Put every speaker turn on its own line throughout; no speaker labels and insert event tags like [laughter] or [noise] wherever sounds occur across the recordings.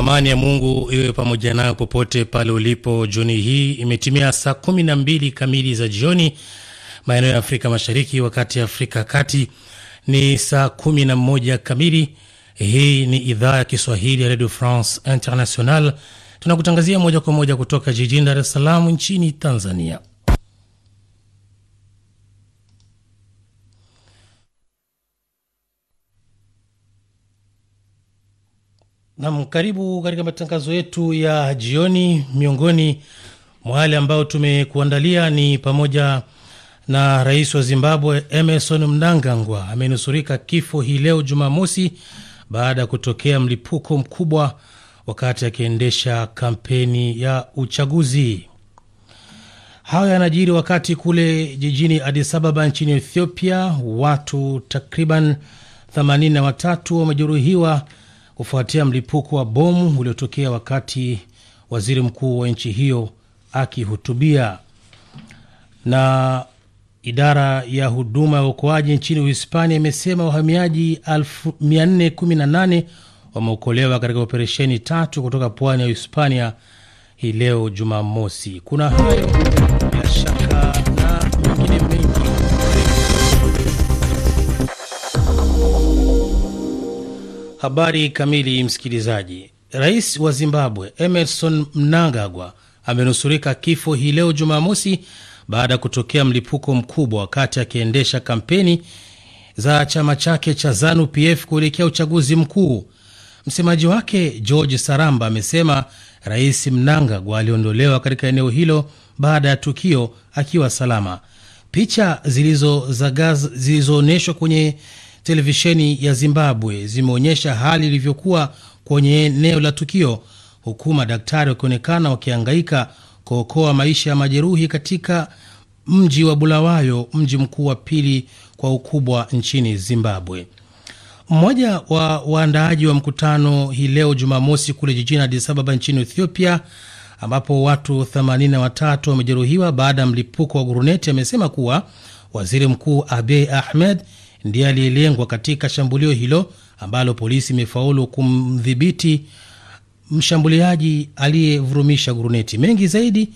Amani ya Mungu iwe pamoja nayo popote pale ulipo. Jioni hii imetimia saa kumi na mbili kamili za jioni maeneo ya Afrika Mashariki, wakati Afrika ya Kati ni saa kumi na moja kamili. Hii ni idhaa ya Kiswahili ya Radio France International, tunakutangazia moja kwa moja kutoka jijini Dar es Salaam nchini Tanzania. Nam, karibu katika matangazo yetu ya jioni. Miongoni mwa yale ambayo tumekuandalia ni pamoja na rais wa Zimbabwe Emerson Mnangagwa amenusurika kifo hii leo Jumamosi baada ya kutokea mlipuko mkubwa wakati akiendesha kampeni ya uchaguzi. Hayo yanajiri wakati kule jijini Addis Ababa nchini Ethiopia watu takriban 83 wamejeruhiwa kufuatia mlipuko wa bomu uliotokea wakati waziri mkuu wa nchi hiyo akihutubia. Na idara ya huduma ya uokoaji nchini Uhispania imesema wahamiaji 418 wameokolewa katika operesheni tatu kutoka pwani ya Uhispania hii leo Jumamosi. Kuna hayo Habari kamili, msikilizaji. Rais wa Zimbabwe Emerson Mnangagwa amenusurika kifo hii leo Jumamosi baada ya kutokea mlipuko mkubwa wakati akiendesha kampeni za chama chake cha ZANU PF kuelekea uchaguzi mkuu. Msemaji wake George Saramba amesema Rais Mnangagwa aliondolewa katika eneo hilo baada ya tukio akiwa salama. Picha zilizoonyeshwa kwenye televisheni ya Zimbabwe zimeonyesha hali ilivyokuwa kwenye eneo la tukio, huku madaktari wakionekana wakihangaika kuokoa maisha ya majeruhi katika mji wa Bulawayo, mji mkuu wa pili kwa ukubwa nchini Zimbabwe. Mmoja wa waandaaji wa mkutano hii leo Jumamosi kule jijini Addis Ababa nchini Ethiopia, ambapo watu 83 wamejeruhiwa baada ya mlipuko wa guruneti, amesema kuwa waziri mkuu Abiy Ahmed ndiye aliyelengwa katika shambulio hilo ambalo polisi imefaulu kumdhibiti mshambuliaji aliyevurumisha guruneti. Mengi zaidi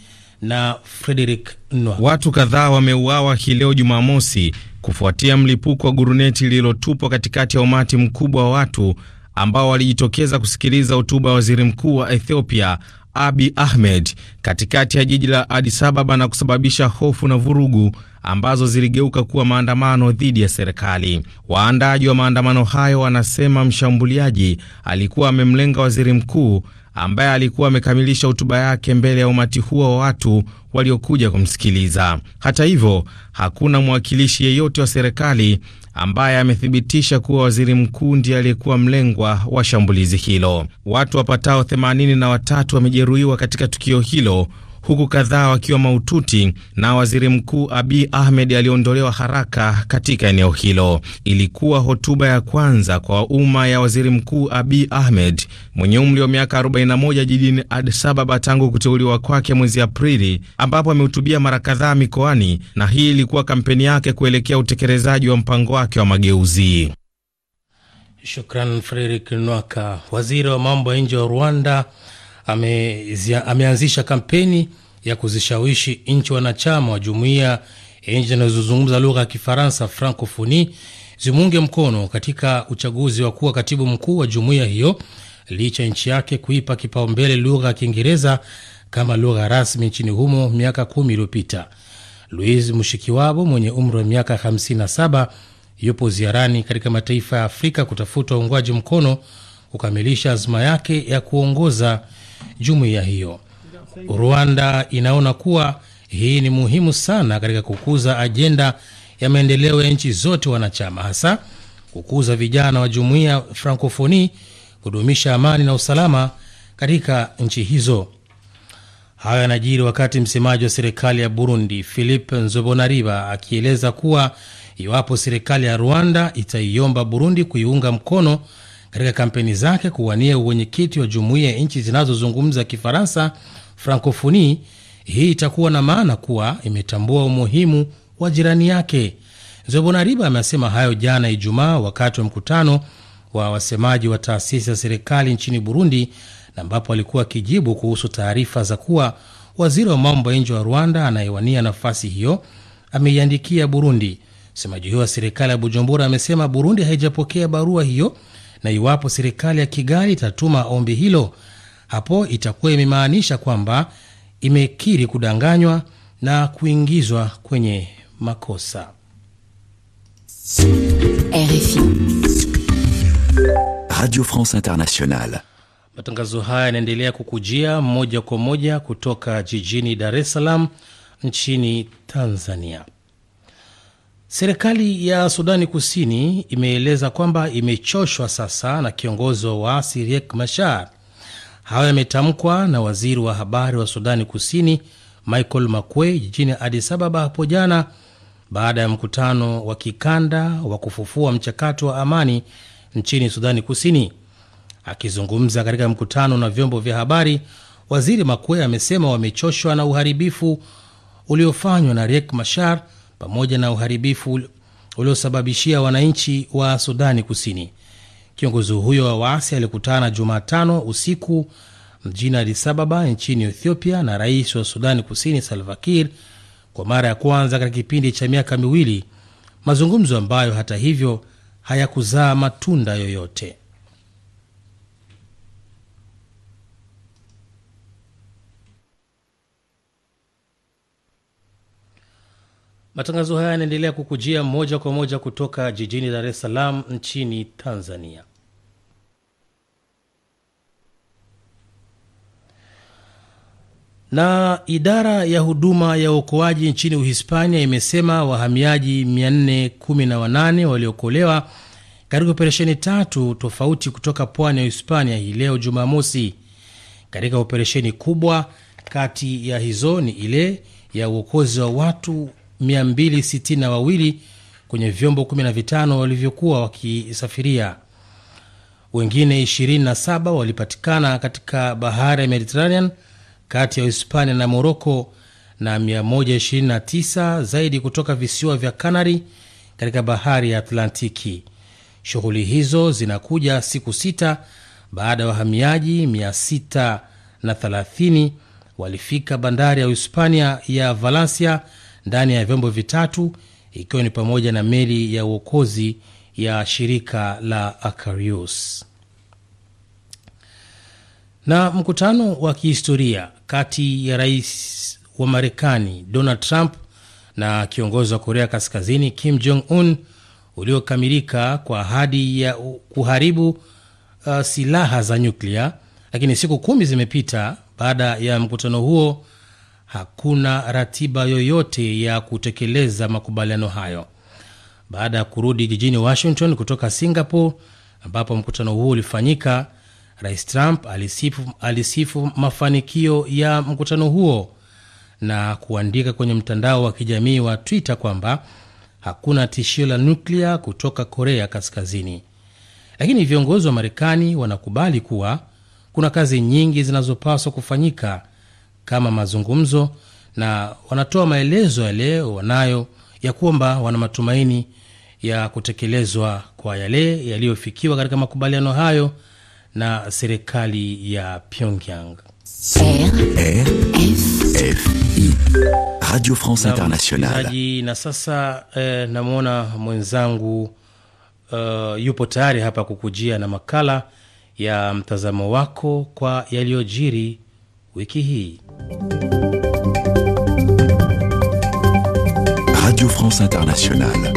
na Frederick Nwa. Watu kadhaa wameuawa hii leo Jumamosi
kufuatia mlipuko wa guruneti lililotupwa katikati ya umati mkubwa wa watu ambao walijitokeza kusikiliza hotuba ya waziri mkuu wa Ethiopia Abiy Ahmed katikati ya jiji la Addis Ababa na kusababisha hofu na vurugu ambazo ziligeuka kuwa maandamano dhidi ya serikali. Waandaaji wa maandamano hayo wanasema mshambuliaji alikuwa amemlenga waziri mkuu ambaye alikuwa amekamilisha hotuba yake mbele ya umati huo wa watu waliokuja kumsikiliza. Hata hivyo, hakuna mwakilishi yeyote wa serikali ambaye amethibitisha kuwa waziri mkuu ndiye aliyekuwa mlengwa wa shambulizi hilo. Watu wapatao 83 wamejeruhiwa katika tukio hilo huku kadhaa wakiwa maututi na waziri mkuu abi Ahmed aliondolewa haraka katika eneo hilo. Ilikuwa hotuba ya kwanza kwa umma ya waziri mkuu abi Ahmed mwenye umri wa miaka 41 jijini Addis Ababa tangu kuteuliwa kwake mwezi Aprili, ambapo amehutubia mara kadhaa mikoani, na hii ilikuwa kampeni yake kuelekea utekelezaji wa mpango wake wa mageuzi.
Shukran Frederick Nwaka. Waziri wa mambo ya nje wa Rwanda ameanzisha kampeni ya kuzishawishi nchi wanachama wa jumuiya ya nchi zinazozungumza lugha ya Kifaransa, Francofoni, zimuunge mkono katika uchaguzi wa kuwa katibu mkuu wa jumuiya hiyo licha nchi yake kuipa kipaumbele lugha ya Kiingereza kama lugha rasmi nchini humo miaka kumi iliyopita. Louise Mushikiwabo mwenye umri wa miaka 57 yupo ziarani katika mataifa ya Afrika kutafuta uungwaji mkono kukamilisha azma yake ya kuongoza jumuiya hiyo. Rwanda inaona kuwa hii ni muhimu sana katika kukuza ajenda ya maendeleo ya nchi zote wanachama, hasa kukuza vijana wa jumuiya Frankofoni, kudumisha amani na usalama katika nchi hizo. Hayo yanajiri wakati msemaji wa serikali ya Burundi Philippe Nzobonariba akieleza kuwa iwapo serikali ya Rwanda itaiomba Burundi kuiunga mkono katika kampeni zake kuwania uwenyekiti wa jumuiya ya nchi zinazozungumza Kifaransa, Francofoni. Hii itakuwa na maana kuwa imetambua umuhimu wa jirani yake. zobonariba amesema hayo jana Ijumaa wakati wa mkutano wa wasemaji wa taasisi za serikali nchini Burundi, na ambapo alikuwa akijibu kuhusu taarifa za kuwa waziri wa mambo ya nje wa Rwanda anayewania nafasi hiyo ameiandikia Burundi. Msemaji huyo wa serikali ya Bujumbura amesema Burundi haijapokea barua hiyo na iwapo serikali ya Kigali itatuma ombi hilo, hapo itakuwa imemaanisha kwamba imekiri kudanganywa na kuingizwa kwenye makosa.
RFI Radio France Internationale.
Matangazo haya yanaendelea kukujia moja kwa moja kutoka jijini Dar es Salaam nchini Tanzania. Serikali ya Sudani Kusini imeeleza kwamba imechoshwa sasa na kiongozi wa waasi Riek Machar. Hayo yametamkwa na waziri wa habari wa Sudani Kusini Michael Makwe jijini Adis Ababa hapo jana baada ya mkutano wa kikanda wa kufufua mchakato wa amani nchini Sudani Kusini. Akizungumza katika mkutano na vyombo vya habari, waziri Makwe amesema wamechoshwa na uharibifu uliofanywa na Riek Machar pamoja na uharibifu uliosababishia wananchi wa Sudani Kusini. Kiongozi huyo wa waasi alikutana Jumatano usiku mjini Addis Ababa nchini Ethiopia na rais wa Sudani Kusini Salva Kiir kwa mara ya kwanza katika kipindi cha miaka miwili, mazungumzo ambayo hata hivyo hayakuzaa matunda yoyote. matangazo haya yanaendelea kukujia moja kwa moja kutoka jijini dar es salaam nchini tanzania na idara ya huduma ya uokoaji nchini Uhispania imesema wahamiaji 418 waliokolewa katika operesheni tatu tofauti kutoka pwani ya Uhispania hii leo Jumamosi. Katika operesheni kubwa kati ya hizo ni ile ya uokozi wa watu 262 kwenye vyombo 15 walivyokuwa wakisafiria. Wengine 27 walipatikana katika bahari ya Mediterranean kati ya Hispania na Moroko na 129 zaidi kutoka visiwa vya Kanari katika bahari ya Atlantiki. Shughuli hizo zinakuja siku sita baada ya wahamiaji 630 walifika bandari ya uhispania ya Valencia ndani ya vyombo vitatu ikiwa ni pamoja na meli ya uokozi ya shirika la Aquarius. Na mkutano wa kihistoria kati ya rais wa Marekani Donald Trump na kiongozi wa Korea Kaskazini Kim Jong Un uliokamilika kwa ahadi ya kuharibu uh, silaha za nyuklia, lakini siku kumi zimepita baada ya mkutano huo hakuna ratiba yoyote ya kutekeleza makubaliano hayo. Baada ya kurudi jijini Washington kutoka Singapore ambapo mkutano huo ulifanyika, Rais Trump alisifu, alisifu mafanikio ya mkutano huo na kuandika kwenye mtandao wa kijamii wa Twitter kwamba hakuna tishio la nuklia kutoka Korea Kaskazini. Lakini viongozi wa Marekani wanakubali kuwa kuna kazi nyingi zinazopaswa kufanyika kama mazungumzo, na wanatoa maelezo yale wanayo ya kwamba wana matumaini ya kutekelezwa kwa yale yaliyofikiwa katika makubaliano hayo na serikali ya Pyongyang.
Radio France Internationale.
Na sasa eh, namwona mwenzangu uh, yupo tayari hapa kukujia na makala ya mtazamo wako kwa yaliyojiri wiki hii.
Radio France Internationale.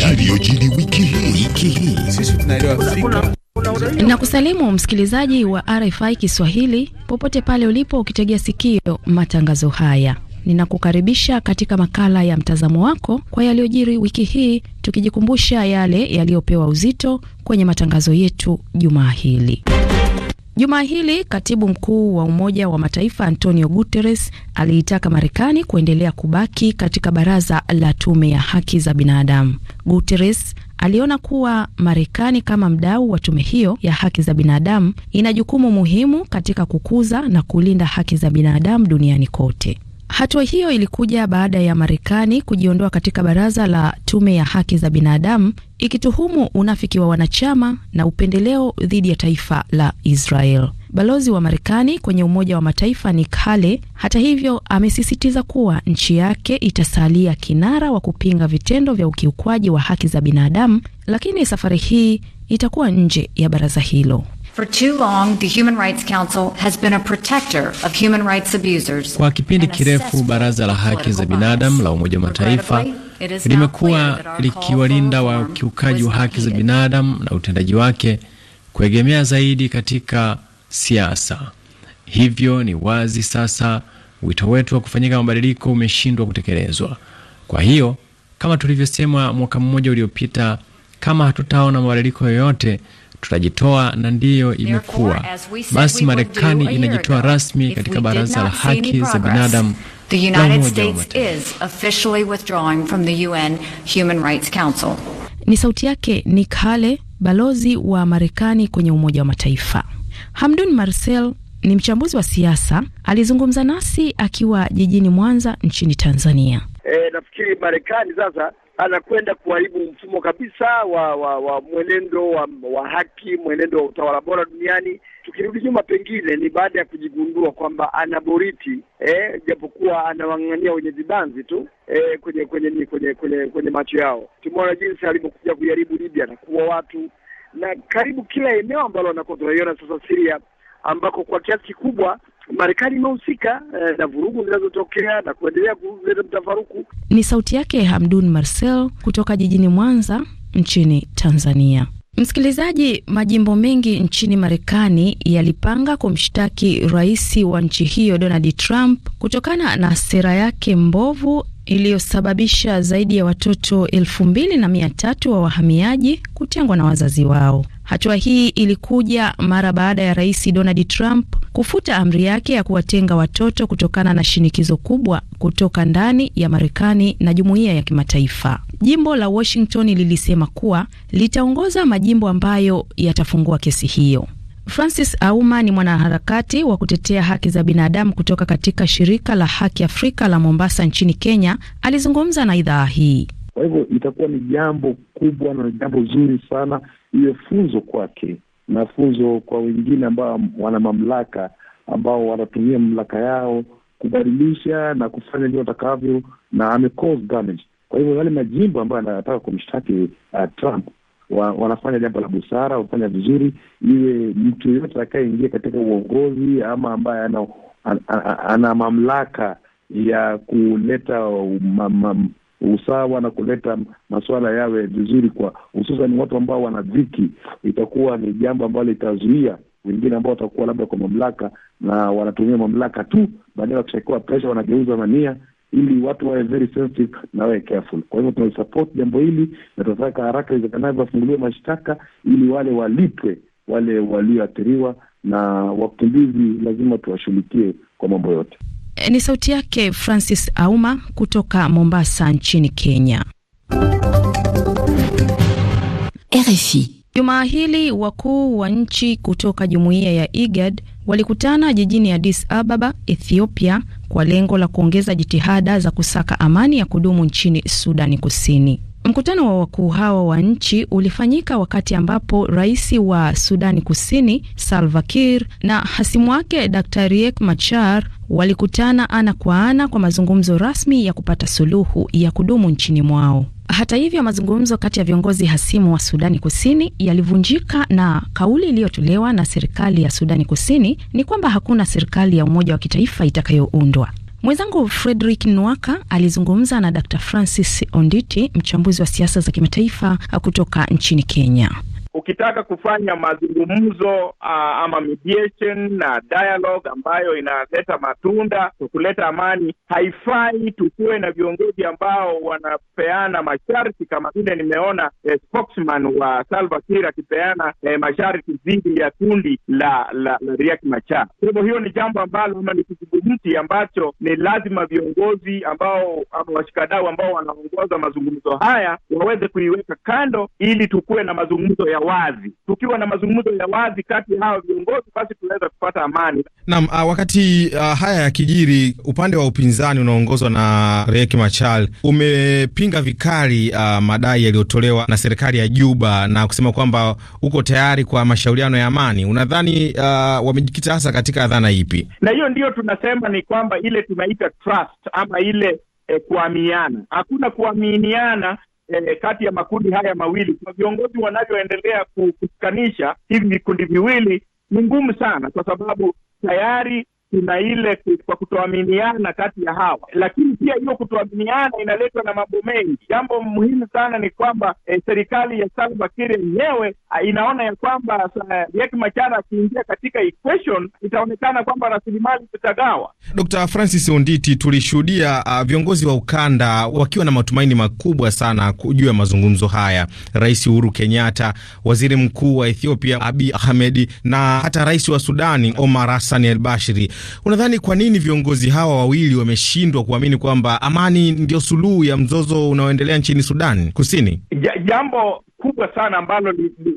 Yaliyojiri wiki hii. Sisi tunaelewa Afrika.
Na kusalimu msikilizaji wa RFI Kiswahili popote pale ulipo ukitegea sikio matangazo haya. Ninakukaribisha katika makala ya mtazamo wako kwa yaliyojiri wiki hii, tukijikumbusha yale yaliyopewa uzito kwenye matangazo yetu jumaa hili juma hili katibu mkuu wa Umoja wa Mataifa Antonio Guterres aliitaka Marekani kuendelea kubaki katika baraza la tume ya haki za binadamu. Guterres aliona kuwa Marekani kama mdau wa tume hiyo ya haki za binadamu ina jukumu muhimu katika kukuza na kulinda haki za binadamu duniani kote. Hatua hiyo ilikuja baada ya Marekani kujiondoa katika baraza la tume ya haki za binadamu ikituhumu unafiki wa wanachama na upendeleo dhidi ya taifa la Israel. Balozi wa Marekani kwenye Umoja wa Mataifa Nikki Haley, hata hivyo, amesisitiza kuwa nchi yake itasalia kinara wa kupinga vitendo vya ukiukwaji wa haki za binadamu, lakini safari hii itakuwa nje ya baraza hilo.
Kwa kipindi kirefu baraza la haki za binadamu la Umoja wa Mataifa limekuwa likiwalinda wakiukaji wa haki za binadamu na utendaji wake kuegemea zaidi katika siasa. Hivyo ni wazi sasa wito wetu wa kufanyika mabadiliko umeshindwa kutekelezwa. Kwa hiyo kama tulivyosema mwaka mmoja uliopita, kama hatutaona mabadiliko yoyote tutajitoa na ndiyo imekuwa. Basi Marekani inajitoa rasmi katika Baraza la Haki za
Binadamu
Ni sauti yake Nikki Haley, balozi wa Marekani kwenye Umoja wa Mataifa. Hamdun Marcel ni mchambuzi wa siasa, alizungumza nasi akiwa jijini Mwanza nchini Tanzania.
E, nafikiri Marekani sasa anakwenda
kuharibu mfumo kabisa wa wa, wa mwenendo wa, wa haki, mwenendo wa utawala bora duniani. Tukirudi nyuma, pengine ni baada ya kujigundua kwamba boriti eh,
japokuwa anawang'ang'ania wenye vibanzi tu eh, kwenye kwenye kwenye kwenye, kwenye, kwenye macho yao. Tumeona jinsi alivyokuja kuharibu Libya na kuua watu na karibu kila eneo ambalo anakuwa tunaiona sasa Syria ambako kwa kiasi kikubwa Marekani imehusika eh, na vurugu
zinazotokea na kuendelea kuleta mtafaruku. Ni sauti yake Hamdun Marcel kutoka jijini Mwanza nchini Tanzania. Msikilizaji, majimbo mengi nchini Marekani yalipanga kumshtaki rais wa nchi hiyo Donald Trump kutokana na sera yake mbovu iliyosababisha zaidi ya watoto elfu mbili na mia tatu wa wahamiaji kutengwa na wazazi wao. Hatua hii ilikuja mara baada ya Rais Donald Trump kufuta amri yake ya kuwatenga watoto kutokana na shinikizo kubwa kutoka ndani ya Marekani na jumuiya ya kimataifa. Jimbo la Washington lilisema kuwa litaongoza majimbo ambayo yatafungua kesi hiyo. Francis Auma ni mwanaharakati wa kutetea haki za binadamu kutoka katika shirika la Haki Afrika la Mombasa nchini Kenya. Alizungumza na idhaa hii.
Kwa hivyo itakuwa ni jambo kubwa na jambo zuri sana, iwe funzo kwake na funzo kwa wengine ambao wana mamlaka, ambao wanatumia mamlaka yao kubadilisha na kufanya ndio watakavyo, na ame cause damage. Kwa hivyo yale majimbo ambayo anataka kumshtaki uh, Trump wa, wanafanya jambo la busara, wanafanya vizuri. Iwe mtu yoyote atakayeingia katika uongozi ama ambaye ana, ana, ana, mamlaka ya kuleta usawa na kuleta masuala yawe vizuri, kwa hususan watu ambao wana dhiki, itakuwa ni jambo ambalo litazuia wengine ambao watakuwa labda kwa mamlaka na wanatumia mamlaka tu, baadaye wakishakiwa presha wanageuza mania ili watu wawe very sensitive na wawe careful. Kwa hivyo tunaisupport jambo hili na tunataka haraka iwezekanavyo wafunguliwe mashtaka ili wale walipwe wale walioathiriwa, na wakimbizi lazima tuwashughulikie kwa mambo yote.
Eh, ni sauti yake Francis Auma kutoka Mombasa nchini Kenya. RFI. Jumaa hili wakuu wa nchi kutoka jumuiya ya IGAD walikutana jijini Addis Ababa, Ethiopia kwa lengo la kuongeza jitihada za kusaka amani ya kudumu nchini Sudani Kusini. Mkutano wa wakuu hawa wa nchi ulifanyika wakati ambapo rais wa Sudani Kusini Salva Kiir na hasimu wake Dr Riek Machar walikutana ana kwa ana kwa mazungumzo rasmi ya kupata suluhu ya kudumu nchini mwao. Hata hivyo, mazungumzo kati ya viongozi hasimu wa Sudani Kusini yalivunjika na kauli iliyotolewa na serikali ya Sudani Kusini ni kwamba hakuna serikali ya umoja wa kitaifa itakayoundwa. Mwenzangu Frederick Nwaka alizungumza na Dr Francis Onditi, mchambuzi wa siasa za kimataifa kutoka nchini Kenya
ukitaka kufanya mazungumzo uh, ama mediation na dialogue ambayo inaleta matunda kuleta amani, haifai tukuwe na viongozi ambao wanapeana masharti kama vile nimeona eh, spokesman wa Salva Kiir akipeana eh, masharti dhidi ya kundi la la, la Riek Machar. Kwa hivyo hiyo ni jambo ambalo ama ni kizungumti ambacho ni lazima viongozi ambao ama washikadau ambao wanaongoza mazungumzo haya waweze kuiweka kando ili tukuwe na mazungumzo ya wazi. Tukiwa na mazungumzo ya wazi kati ya hawa viongozi, basi tunaweza kupata
amani. Naam, uh, wakati uh, haya yakijiri, upande wa upinzani unaongozwa na Riek Machar umepinga vikali uh, madai yaliyotolewa na serikali ya Juba na kusema kwamba uko tayari kwa mashauriano ya amani. Unadhani uh, wamejikita hasa katika dhana ipi?
Na hiyo ndiyo tunasema ni kwamba ile tunaita trust ama ile E, kuaminiana. Hakuna kuaminiana e, kati ya makundi haya mawili kwa viongozi wanavyoendelea kutukanisha hivi vikundi viwili ni ngumu sana, kwa sababu tayari kuna ile kwa kutoaminiana kati ya hawa, lakini pia hiyo kutoaminiana inaletwa na mambo mengi. Jambo muhimu sana ni kwamba eh, serikali ya Salva Kiir yenyewe ah, inaona ya kwamba eh, Riek Machar akiingia katika equation itaonekana kwamba rasilimali zitagawa.
Dr. Francis Onditi, tulishuhudia uh, viongozi wa ukanda wakiwa na matumaini makubwa sana juu ya mazungumzo haya, Rais Uhuru Kenyatta, waziri mkuu wa Ethiopia Abiy Ahmed na hata rais wa Sudani Omar Hassan al bashiri Unadhani kwa nini viongozi hawa wawili wameshindwa kuamini kwamba amani ndio suluhu ya mzozo unaoendelea nchini Sudan Kusini?
Ja, jambo kubwa sana ambalo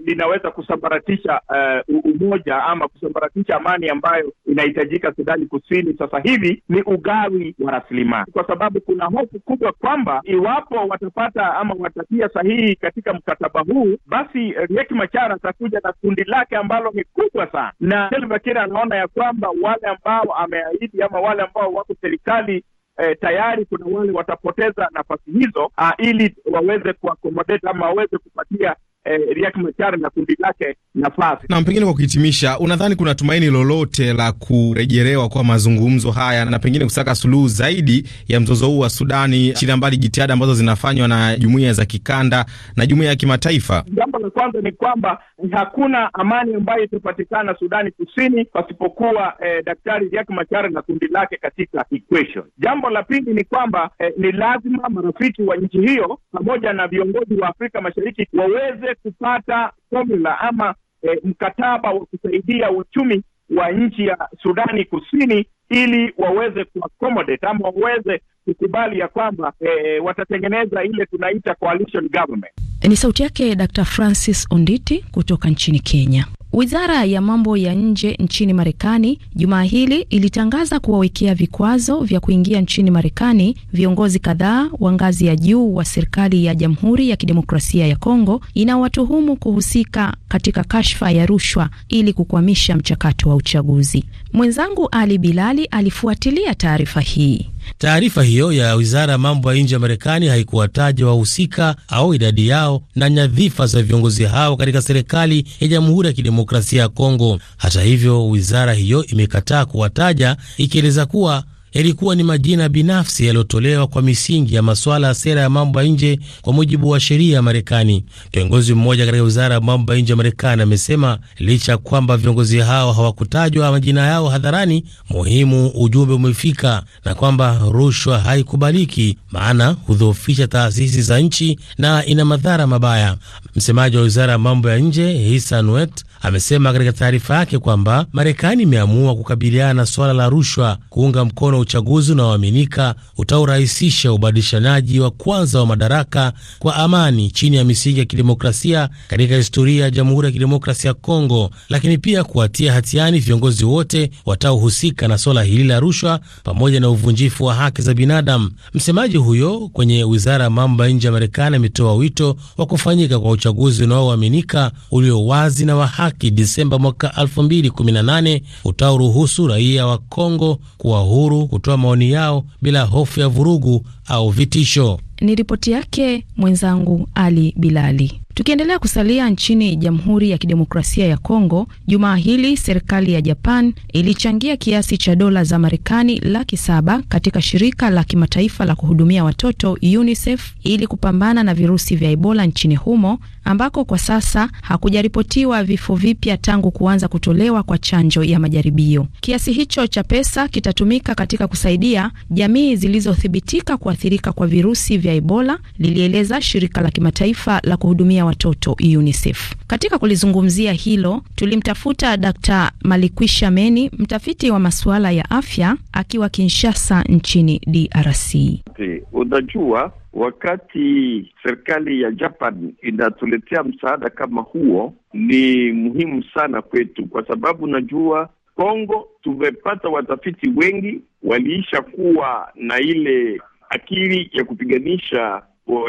linaweza li, kusambaratisha uh, umoja ama kusambaratisha amani ambayo inahitajika Sudani Kusini sasa hivi ni ugawi wa rasilimali, kwa sababu kuna hofu kubwa kwamba iwapo watapata ama watatia sahihi katika mkataba huu, basi eh, Riek Machar atakuja na kundi lake ambalo ni kubwa sana, na Salva Kiir anaona ya kwamba wale ambao ameahidi ama wale ambao wako serikali eh, tayari kuna wale watapoteza nafasi hizo, ah, ili waweze kuakomodate ama waweze kupatia eh, Riek Machar na kundi lake nafasi.
Na pengine kwa kuhitimisha, unadhani kuna tumaini lolote la kurejelewa kwa mazungumzo haya na pengine kusaka suluhu zaidi ya mzozo huu wa Sudani, chini mbali jitihada ambazo zinafanywa na jumuiya za kikanda na jumuiya ya kimataifa?
Jambo la kwanza ni kwamba hakuna amani ambayo itapatikana Sudani Kusini pasipokuwa eh, Daktari Riek Machar na kundi lake katika equation. Jambo la pili ni kwamba eh, ni lazima marafiki wa nchi hiyo pamoja na viongozi wa Afrika Mashariki waweze kupata formula ama e, mkataba wa kusaidia uchumi wa nchi ya Sudani Kusini ili waweze kuaccommodate ama waweze kukubali ya kwamba e, watatengeneza ile tunaita coalition government.
Ni sauti yake Dr. Francis Onditi kutoka nchini Kenya. Wizara ya mambo ya nje nchini Marekani jumaa hili ilitangaza kuwawekea vikwazo vya kuingia nchini Marekani viongozi kadhaa wa ngazi ya juu wa serikali ya Jamhuri ya Kidemokrasia ya Kongo inawatuhumu kuhusika katika kashfa ya rushwa ili kukwamisha mchakato wa uchaguzi. Mwenzangu Ali Bilali alifuatilia taarifa hii.
Taarifa hiyo ya wizara ya mambo ya nje ya Marekani haikuwataja wahusika au idadi yao na nyadhifa za viongozi hao katika serikali ya Jamhuri ya Kidemokrasia ya Kongo. Hata hivyo, wizara hiyo imekataa kuwataja ikieleza kuwa yalikuwa ni majina binafsi yaliyotolewa kwa misingi ya masuala ya sera ya mambo ya nje kwa mujibu wa sheria ya Marekani. Kiongozi mmoja katika wizara ya mambo ya nje ya Marekani amesema licha ya kwamba viongozi hao hawakutajwa majina yao hadharani, muhimu ujumbe umefika na kwamba rushwa haikubaliki, maana hudhoofisha taasisi za nchi na ina madhara mabaya. Msemaji wa wizara ya mambo ya nje Hisan amesema katika taarifa yake kwamba Marekani imeamua kukabiliana na suala la rushwa, kuunga mkono na uchaguzi unaoaminika utaorahisisha ubadilishanaji wa kwanza wa madaraka kwa amani chini ya misingi ya kidemokrasia katika historia ya Jamhuri ya Kidemokrasia ya Kongo, lakini pia kuwatia hatiani viongozi wote wataohusika na swala hili la rushwa pamoja na uvunjifu wa haki za binadamu. Msemaji huyo kwenye wizara ya mambo ya nje ya Marekani ametoa wito wa kufanyika kwa uchaguzi unaoaminika ulio wazi na wa haki Disemba mwaka 2018 utaoruhusu raia wa Kongo kuwa huru kutoa maoni yao bila hofu ya vurugu au vitisho.
Ni ripoti yake mwenzangu Ali Bilali. Tukiendelea kusalia nchini Jamhuri ya Kidemokrasia ya Kongo, jumaa hili serikali ya Japan ilichangia kiasi cha dola za Marekani laki saba katika shirika la kimataifa la kuhudumia watoto UNICEF ili kupambana na virusi vya Ebola nchini humo ambako kwa sasa hakujaripotiwa vifo vipya tangu kuanza kutolewa kwa chanjo ya majaribio. Kiasi hicho cha pesa kitatumika katika kusaidia jamii zilizothibitika kuathirika kwa virusi vya Ebola, lilieleza shirika la kimataifa la kuhudumia watoto UNICEF. Katika kulizungumzia hilo, tulimtafuta Dkt. Malikwisha Meni, mtafiti wa masuala ya afya akiwa Kinshasa nchini DRC.
Unajua, wakati serikali ya Japan inatuletea msaada kama huo ni muhimu sana kwetu, kwa sababu najua Kongo tumepata watafiti wengi waliisha kuwa na ile akili ya kupiganisha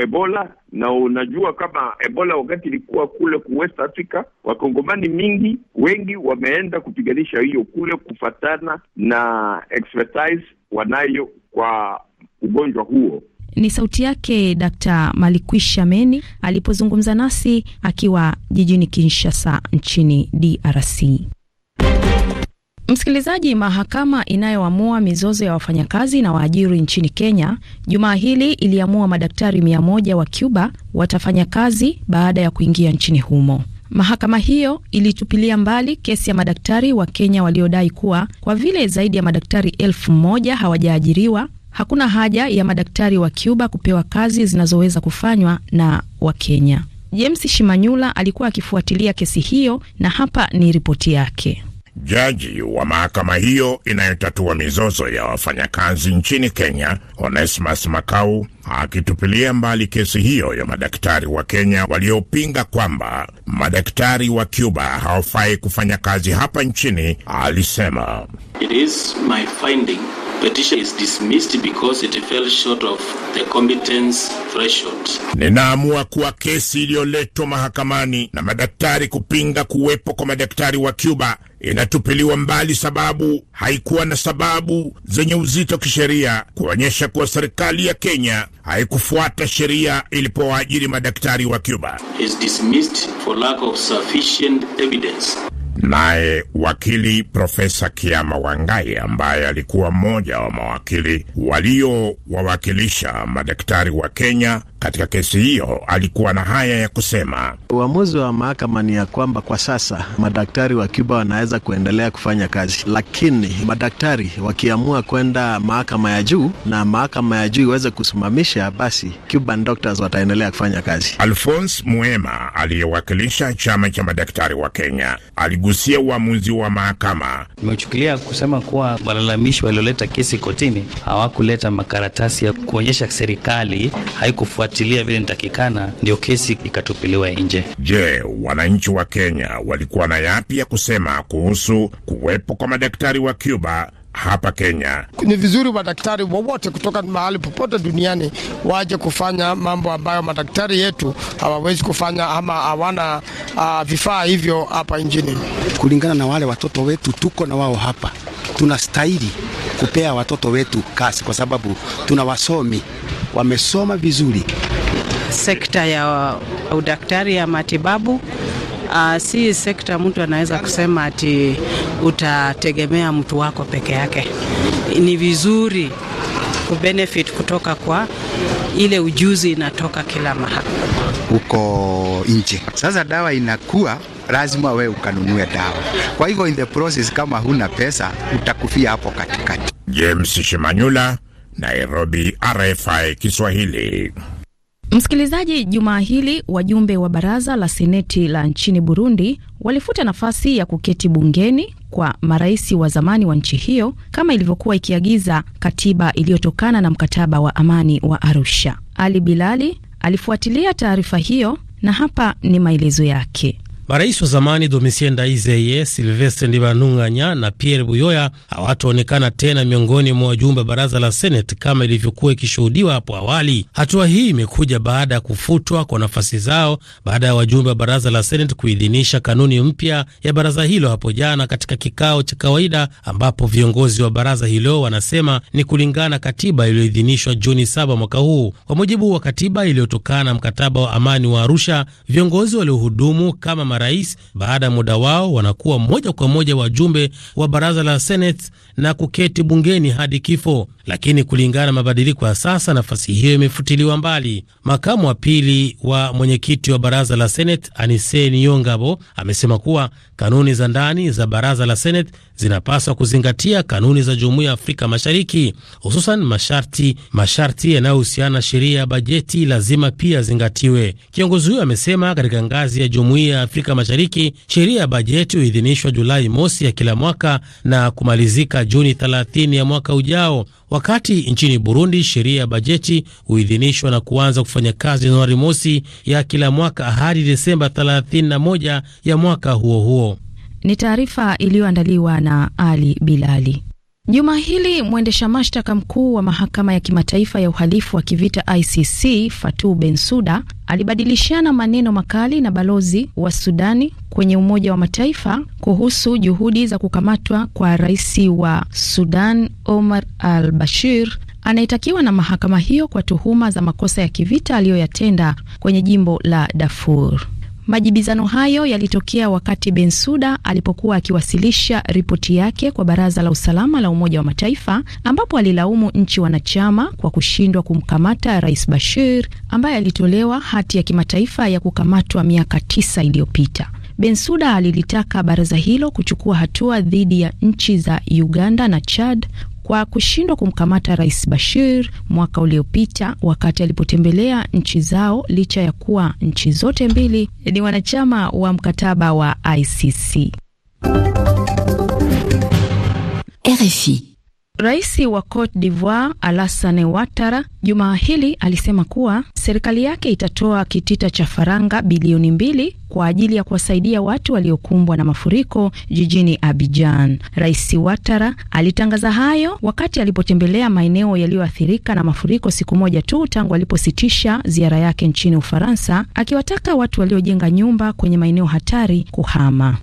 Ebola na unajua kama Ebola wakati ilikuwa kule ku West Africa, wakongomani mingi wengi wameenda kupiganisha hiyo kule kufatana na expertise wanayo
kwa ugonjwa huo.
Ni sauti yake d Malikwisha Meni alipozungumza nasi akiwa jijini Kinshasa nchini DRC. Msikilizaji, mahakama inayoamua mizozo ya wafanyakazi na waajiri nchini Kenya jumaa hili iliamua madaktari mia moja wa Cuba watafanya kazi baada ya kuingia nchini humo. Mahakama hiyo ilitupilia mbali kesi ya madaktari wa Kenya waliodai kuwa kwa vile zaidi ya madaktari elfu moja hawajaajiriwa hakuna haja ya madaktari wa Cuba kupewa kazi zinazoweza kufanywa na Wakenya. James Shimanyula alikuwa akifuatilia kesi hiyo na hapa ni ripoti yake.
Jaji wa mahakama hiyo inayotatua mizozo ya wafanyakazi nchini Kenya, Onesmus Makau, akitupilia mbali kesi hiyo ya madaktari wa Kenya waliopinga kwamba madaktari wa Cuba hawafai kufanya kazi hapa nchini, alisema
It is my finding
Ninaamua kuwa kesi iliyoletwa mahakamani na madaktari kupinga kuwepo kwa madaktari wa Cuba inatupiliwa mbali sababu haikuwa na sababu zenye uzito wa kisheria kuonyesha kuwa serikali ya Kenya haikufuata sheria ilipowaajiri madaktari wa Cuba. Naye wakili Profesa Kiama Wangai, ambaye alikuwa mmoja wa mawakili waliowawakilisha madaktari wa Kenya katika kesi hiyo alikuwa na
haya ya kusema. Uamuzi wa mahakama ni ya kwamba kwa sasa madaktari wa Cuba wanaweza
kuendelea kufanya kazi, lakini madaktari wakiamua kwenda mahakama ya juu
na mahakama ya juu iweze kusimamisha, basi Cuban doctors wataendelea kufanya kazi. Alphonse Muema aliyewakilisha chama cha madaktari wa Kenya aligusia uamuzi wa mahakama.
Nimechukulia kusema kuwa walalamishi walioleta kesi kotini hawakuleta
makaratasi ya kuonyesha serikali haikufuata kufuatilia vile nitakikana, ndio kesi ikatupiliwa nje. Je, wananchi wa Kenya walikuwa na yapi ya kusema kuhusu kuwepo kwa madaktari wa Cuba hapa Kenya.
Ni vizuri madaktari wowote kutoka mahali popote duniani waje kufanya mambo ambayo madaktari yetu
hawawezi kufanya ama hawana uh, vifaa hivyo hapa nchini.
Kulingana na wale watoto wetu tuko na wao hapa, tunastahili kupea watoto wetu kazi kwa sababu tuna wasomi wamesoma vizuri. Sekta ya
udaktari ya matibabu Uh, si sekta mtu anaweza kusema ati utategemea mtu wako peke yake. Ni vizuri kubenefit kutoka kwa ile ujuzi inatoka kila mahali huko nje. Sasa dawa inakuwa lazima wewe ukanunue dawa, kwa hivyo
in the process, kama huna pesa utakufia hapo katikati. James Shimanyula, Nairobi, RFI Kiswahili.
Msikilizaji, jumaa hili wajumbe wa baraza la seneti la nchini Burundi walifuta nafasi ya kuketi bungeni kwa marais wa zamani wa nchi hiyo kama ilivyokuwa ikiagiza katiba iliyotokana na mkataba wa amani wa Arusha. Ali Bilali alifuatilia taarifa hiyo na hapa ni maelezo yake.
Marais wa zamani Domitien Daizeye, Silvestre Ndibanunganya na Pierre Buyoya hawataonekana tena miongoni mwa wajumbe wa baraza la Seneti kama ilivyokuwa ikishuhudiwa hapo awali. Hatua hii imekuja baada ya kufutwa kwa nafasi zao baada ya wajumbe wa baraza la Seneti kuidhinisha kanuni mpya ya baraza hilo hapo jana katika kikao cha kawaida, ambapo viongozi wa baraza hilo wanasema ni kulingana katiba iliyoidhinishwa Juni 7 mwaka huu. Kwa mujibu wa katiba iliyotokana na mkataba wa amani wa Arusha, viongozi waliohudumu kama rais, baada ya muda wao wanakuwa moja kwa moja wajumbe wa baraza la Senate na kuketi bungeni hadi kifo lakini kulingana na mabadiliko ya sasa, nafasi hiyo imefutiliwa mbali. Makamu wa pili wa mwenyekiti wa baraza la Senate Anise niongabo amesema kuwa kanuni za ndani za baraza la Senate zinapaswa kuzingatia kanuni za Jumuiya ya Afrika Mashariki, hususan masharti masharti yanayohusiana na sheria ya bajeti lazima pia zingatiwe. Kiongozi huyo amesema katika ngazi ya Jumuiya ya Afrika Mashariki sheria ya bajeti huidhinishwa Julai mosi ya kila mwaka na kumalizika Juni 30 ya mwaka ujao. Wakati nchini Burundi sheria ya bajeti huidhinishwa na kuanza kufanya kazi Januari mosi ya kila mwaka hadi Desemba 31 ya mwaka huo huo.
Ni taarifa iliyoandaliwa na Ali Bilali. Juma hili mwendesha mashtaka mkuu wa mahakama ya kimataifa ya uhalifu wa kivita ICC Fatou Bensouda alibadilishana maneno makali na balozi wa Sudani kwenye Umoja wa Mataifa kuhusu juhudi za kukamatwa kwa rais wa Sudan Omar al-Bashir anayetakiwa na mahakama hiyo kwa tuhuma za makosa ya kivita aliyoyatenda kwenye jimbo la Darfur. Majibizano hayo yalitokea wakati Bensuda alipokuwa akiwasilisha ripoti yake kwa Baraza la Usalama la Umoja wa Mataifa, ambapo alilaumu nchi wanachama kwa kushindwa kumkamata Rais Bashir ambaye alitolewa hati ya kimataifa ya kukamatwa miaka tisa iliyopita. Bensuda alilitaka baraza hilo kuchukua hatua dhidi ya nchi za Uganda na Chad kwa kushindwa kumkamata Rais Bashir mwaka uliopita wakati alipotembelea nchi zao, licha ya kuwa nchi zote mbili ni wanachama wa mkataba wa ICC. RFI Rais wa Cote d'Ivoire Alassane Ouattara jumaa hili alisema kuwa serikali yake itatoa kitita cha faranga bilioni mbili kwa ajili ya kuwasaidia watu waliokumbwa na mafuriko jijini Abidjan. Rais Ouattara alitangaza hayo wakati alipotembelea maeneo yaliyoathirika na mafuriko siku moja tu tangu alipositisha ziara yake nchini Ufaransa, akiwataka watu waliojenga nyumba kwenye maeneo hatari kuhama.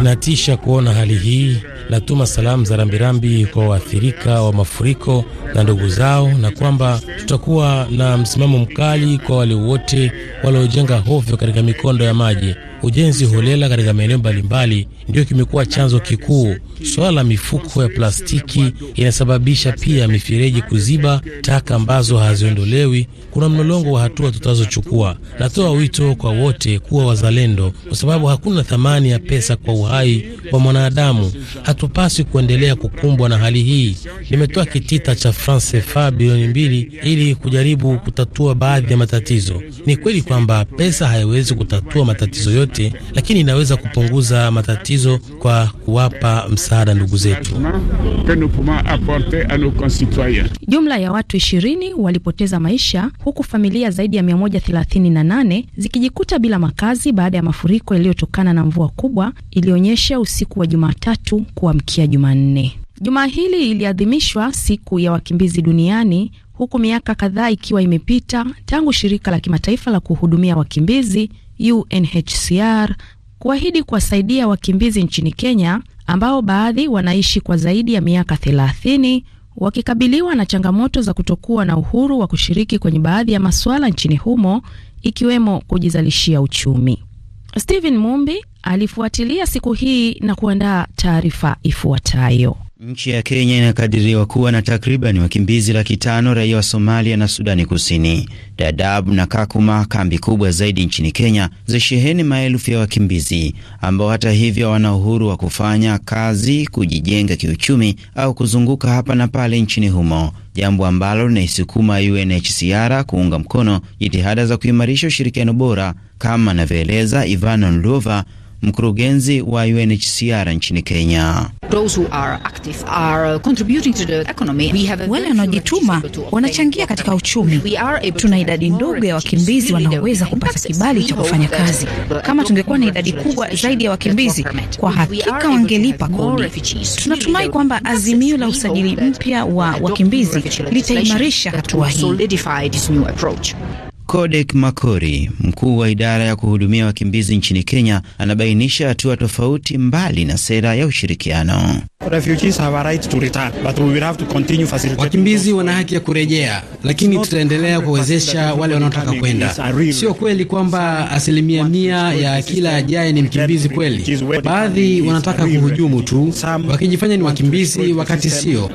Inatisha kuona hali hii. Natuma salamu za rambirambi kwa waathirika wa mafuriko na ndugu zao, na kwamba tutakuwa na msimamo mkali kwa wale wote waliojenga hovyo katika mikondo ya maji ujenzi holela katika maeneo mbalimbali ndiyo kimekuwa chanzo kikuu. Suala la mifuko ya plastiki inasababisha pia mifereji kuziba, taka ambazo haziondolewi. Kuna mlolongo wa hatua tutazochukua. Natoa wito kwa wote kuwa wazalendo, kwa sababu hakuna thamani ya pesa kwa uhai wa mwanadamu. Hatupaswi kuendelea kukumbwa na hali hii. Nimetoa kitita cha France CFA bilioni mbili ili kujaribu kutatua baadhi ya matatizo. Ni kweli kwamba pesa haiwezi kutatua matatizo yote yoyote, lakini inaweza kupunguza matatizo kwa kuwapa msaada ndugu zetu.
Jumla ya watu ishirini walipoteza maisha huku familia zaidi ya 138 zikijikuta bila makazi baada ya mafuriko yaliyotokana na mvua kubwa ilionyesha usiku wa Jumatatu kuamkia Jumanne. Jumaa hili iliadhimishwa siku ya wakimbizi duniani huku miaka kadhaa ikiwa imepita tangu shirika la kimataifa la kuhudumia wakimbizi UNHCR kuahidi kuwasaidia wakimbizi nchini Kenya ambao baadhi wanaishi kwa zaidi ya miaka 30 wakikabiliwa na changamoto za kutokuwa na uhuru wa kushiriki kwenye baadhi ya masuala nchini humo ikiwemo kujizalishia uchumi. stephen Mumbi alifuatilia siku hii na kuandaa taarifa ifuatayo.
Nchi ya Kenya inakadiriwa kuwa na takriban wakimbizi laki tano raia wa Somalia na Sudani Kusini. dadab na Kakuma, kambi kubwa zaidi nchini Kenya, zisheheni maelfu ya wakimbizi ambao hata hivyo wana uhuru wa kufanya kazi, kujijenga kiuchumi au kuzunguka hapa na pale nchini humo, jambo ambalo linaisukuma UNHCR kuunga mkono jitihada za kuimarisha ushirikiano bora, kama anavyoeleza Ivan Onluva, mkurugenzi wa UNHCR nchini Kenya.
Uh, Wale wanaojituma wanachangia katika uchumi. Tuna idadi ndogo ya wakimbizi wanaoweza kupata kibali cha kufanya kazi. Kama tungekuwa na idadi kubwa zaidi ya wakimbizi, kwa hakika wangelipa kodi. Tunatumai kwamba azimio la usajili mpya wa wakimbizi litaimarisha hatua hii.
Kodek Makori, mkuu wa idara ya kuhudumia wakimbizi nchini Kenya, anabainisha hatua tofauti mbali na sera ya ushirikiano.
Wakimbizi wana haki ya kurejea, lakini tutaendelea kuwawezesha wale wanaotaka kwenda. Sio kweli kwamba asilimia mia ya kila ajaye ni mkimbizi kweli. Baadhi wanataka kuhujumu tu, wakijifanya ni wakimbizi wakati sio.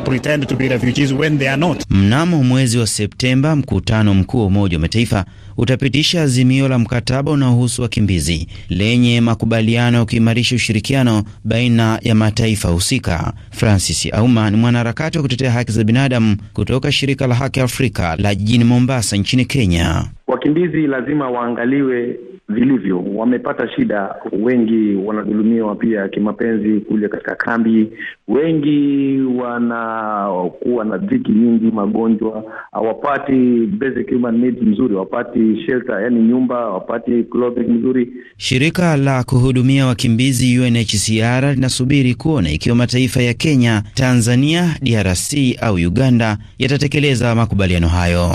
Mnamo mwezi wa Septemba, mkutano mkuu wa Umoja wa Mataifa utapitisha azimio la mkataba unaohusu wakimbizi lenye makubaliano ya kuimarisha ushirikiano baina ya mataifa husika. Francis Auma ni mwanaharakati wa kutetea haki za binadamu kutoka shirika la Haki Afrika la jijini Mombasa nchini Kenya.
Wakimbizi lazima waangaliwe vilivyo. Wamepata shida, wengi wanadhulumiwa pia kimapenzi kule katika kambi, wengi wanakuwa na dhiki nyingi, magonjwa, hawapati basic human needs mzuri, hawapati shelter, yani nyumba, hawapati clothing mzuri.
Shirika la kuhudumia wakimbizi UNHCR linasubiri kuona ikiwa mataifa ya Kenya, Tanzania, DRC au Uganda yatatekeleza makubaliano hayo.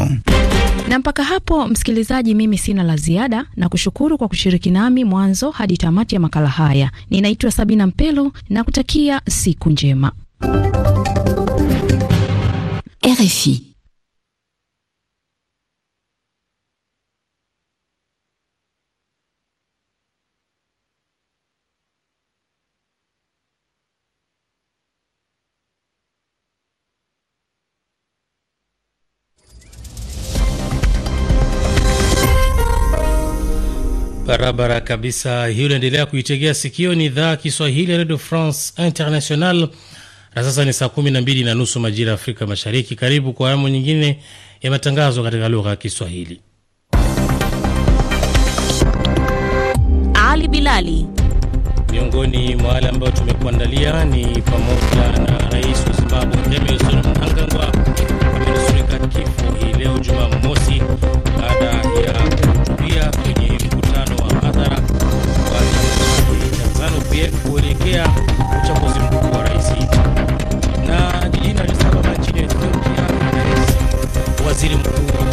Na mpaka hapo, msikilizaji, mimi sina la ziada na kushukuru kwa kushiriki nami mwanzo hadi tamati ya makala haya. Ninaitwa Sabina Mpelo na kutakia siku njema. RFI
Barabara kabisa hiyo. unaendelea kuitegea sikio, ni idhaa Kiswahili ya Radio France International, na sasa ni saa kumi na mbili na nusu majira ya Afrika Mashariki. Karibu kwa awamu nyingine ya matangazo katika lugha ya Kiswahili.
Ali Bilali,
miongoni mwa wale ambayo tumekuandalia ni pamoja na rais wa Zimbabwe Emmerson Mnangagwa amenusurika kifo hii leo Jumamosi kuelekea uchaguzi mkuu wa rais. Na jijini Addis Ababa nchini Ethiopia, rais waziri mkuu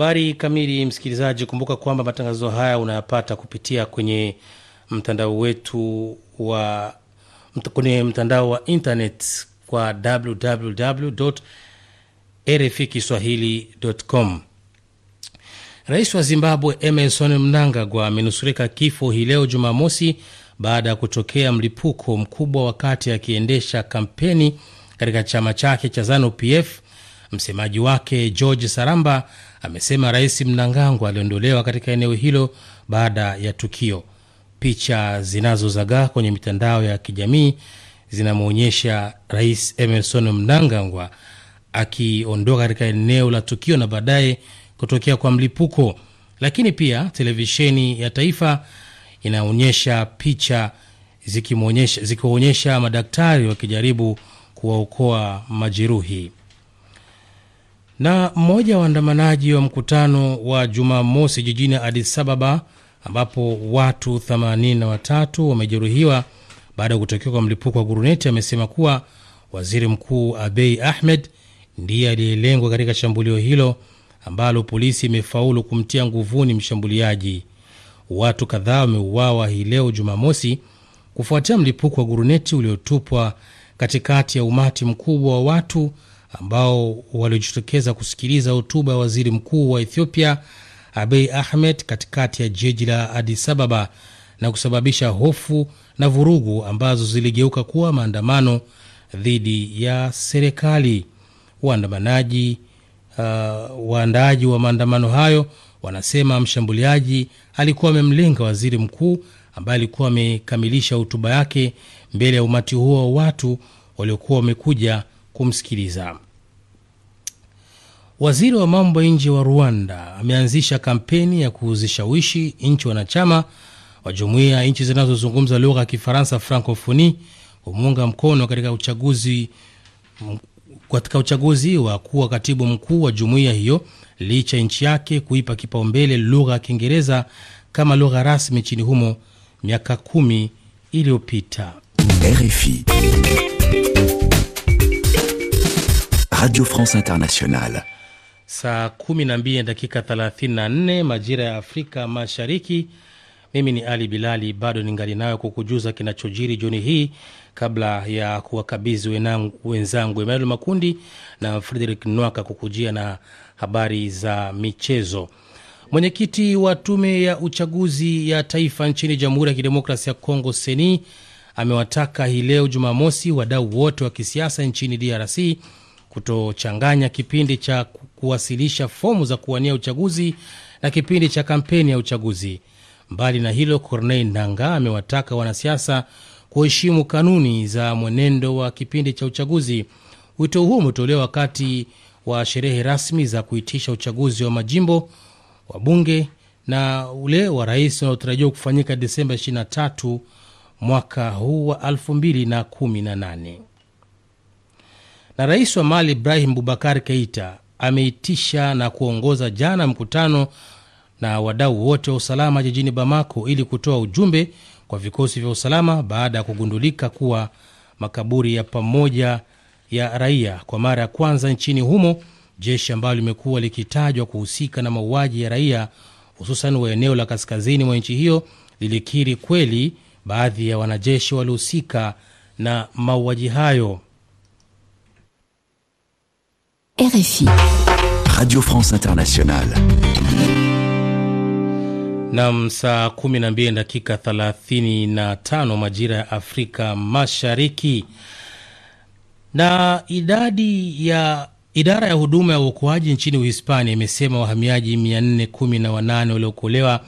Habari kamili, msikilizaji, kumbuka kwamba matangazo haya unayapata kupitia kwenye mtandao wetu wa kwenye mtandao wa internet kwa www rfi kiswahili.com. Rais wa Zimbabwe Emerson Mnangagwa amenusurika kifo hii leo Jumamosi baada ya kutokea mlipuko mkubwa wakati akiendesha kampeni katika chama chake cha ZANU PF. Msemaji wake George Saramba amesema Rais Mnangagwa aliondolewa katika eneo hilo baada ya tukio. Picha zinazozagaa kwenye mitandao ya kijamii zinamwonyesha Rais Emerson Mnangagwa akiondoka katika eneo la tukio na baadaye kutokea kwa mlipuko. Lakini pia televisheni ya taifa inaonyesha picha zikiwaonyesha madaktari wakijaribu kuwaokoa majeruhi. Na mmoja wa waandamanaji wa mkutano wa Jumamosi jijini Addis Ababa ambapo watu 83 wamejeruhiwa baada ya kutokea kwa mlipuko wa guruneti amesema kuwa waziri mkuu Abiy Ahmed ndiye aliyelengwa katika shambulio hilo ambalo polisi imefaulu kumtia nguvuni mshambuliaji. Watu kadhaa wameuawa hii leo Jumamosi kufuatia mlipuko wa guruneti uliotupwa katikati ya umati mkubwa wa watu ambao waliojitokeza kusikiliza hotuba ya waziri mkuu wa Ethiopia Abiy Ahmed katikati ya jiji la Addis Ababa na kusababisha hofu na vurugu ambazo ziligeuka kuwa maandamano dhidi ya serikali. Waandamanaji uh, waandaaji wa maandamano hayo wanasema mshambuliaji alikuwa amemlenga waziri mkuu ambaye alikuwa amekamilisha hotuba yake mbele ya umati huo wa watu waliokuwa wamekuja kumsikiliza. Waziri wa mambo ya nje wa Rwanda ameanzisha kampeni ya kuzishawishi nchi wanachama wa jumuiya ya nchi zinazozungumza lugha ya Kifaransa, Francofoni, kumuunga mkono katika uchaguzi, katika uchaguzi wa kuwa katibu mkuu wa jumuiya hiyo licha ya nchi yake kuipa kipaumbele lugha ya Kiingereza kama lugha rasmi nchini humo miaka kumi iliyopita. RFI Radio France Internationale. Saa 12 na dakika 34 majira ya Afrika Mashariki. Mimi ni Ali Bilali, bado ningali nayo kukujuza kinachojiri jioni hii, kabla ya kuwakabidhi wenzangu Emmanuel Makundi na Frederick Nwaka kukujia na habari za michezo. Mwenyekiti wa tume ya uchaguzi ya taifa nchini Jamhuri ya Kidemokrasia ya Kongo seni amewataka hii leo Jumamosi wadau wote wa kisiasa nchini DRC kutochanganya kipindi cha kuwasilisha fomu za kuwania uchaguzi na kipindi cha kampeni ya uchaguzi. Mbali na hilo, Corneille Nanga amewataka wanasiasa kuheshimu kanuni za mwenendo wa kipindi cha uchaguzi. Wito huu umetolewa wakati wa sherehe rasmi za kuitisha uchaguzi wa majimbo wa bunge na ule wa rais unaotarajiwa kufanyika Desemba 23 mwaka huu wa 2018 na rais wa Mali Ibrahim Bubakar Keita ameitisha na kuongoza jana mkutano na wadau wote wa usalama jijini Bamako ili kutoa ujumbe kwa vikosi vya usalama baada ya kugundulika kuwa makaburi ya pamoja ya raia kwa mara ya kwanza nchini humo, jeshi ambalo limekuwa likitajwa kuhusika na mauaji ya raia hususan wa eneo la kaskazini mwa nchi hiyo lilikiri kweli baadhi ya wanajeshi walihusika na mauaji hayo.
RFI.
Radio France Internationale.
Nam, saa 12 na dakika 35 majira ya Afrika Mashariki. Na idadi ya idara ya huduma ya uokoaji nchini Uhispania imesema wahamiaji 418 waliokolewa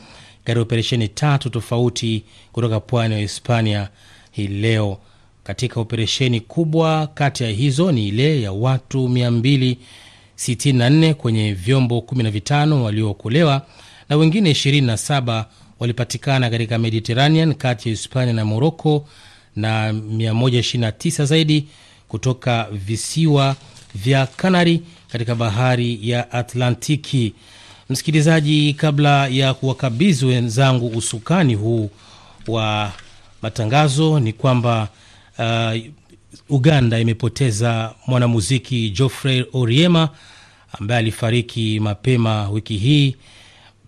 katika operesheni tatu tofauti kutoka pwani ya Hispania hii leo katika operesheni kubwa. Kati ya hizo ni ile ya watu 264 kwenye vyombo 15 waliookolewa na wengine 27 walipatikana katika Mediterranean kati ya Hispania na Moroko na 129 zaidi kutoka visiwa vya Kanari katika bahari ya Atlantiki. Msikilizaji, kabla ya kuwakabidhi wenzangu usukani huu wa matangazo, ni kwamba uh, Uganda imepoteza mwanamuziki Geoffrey oriema ambaye alifariki mapema wiki hii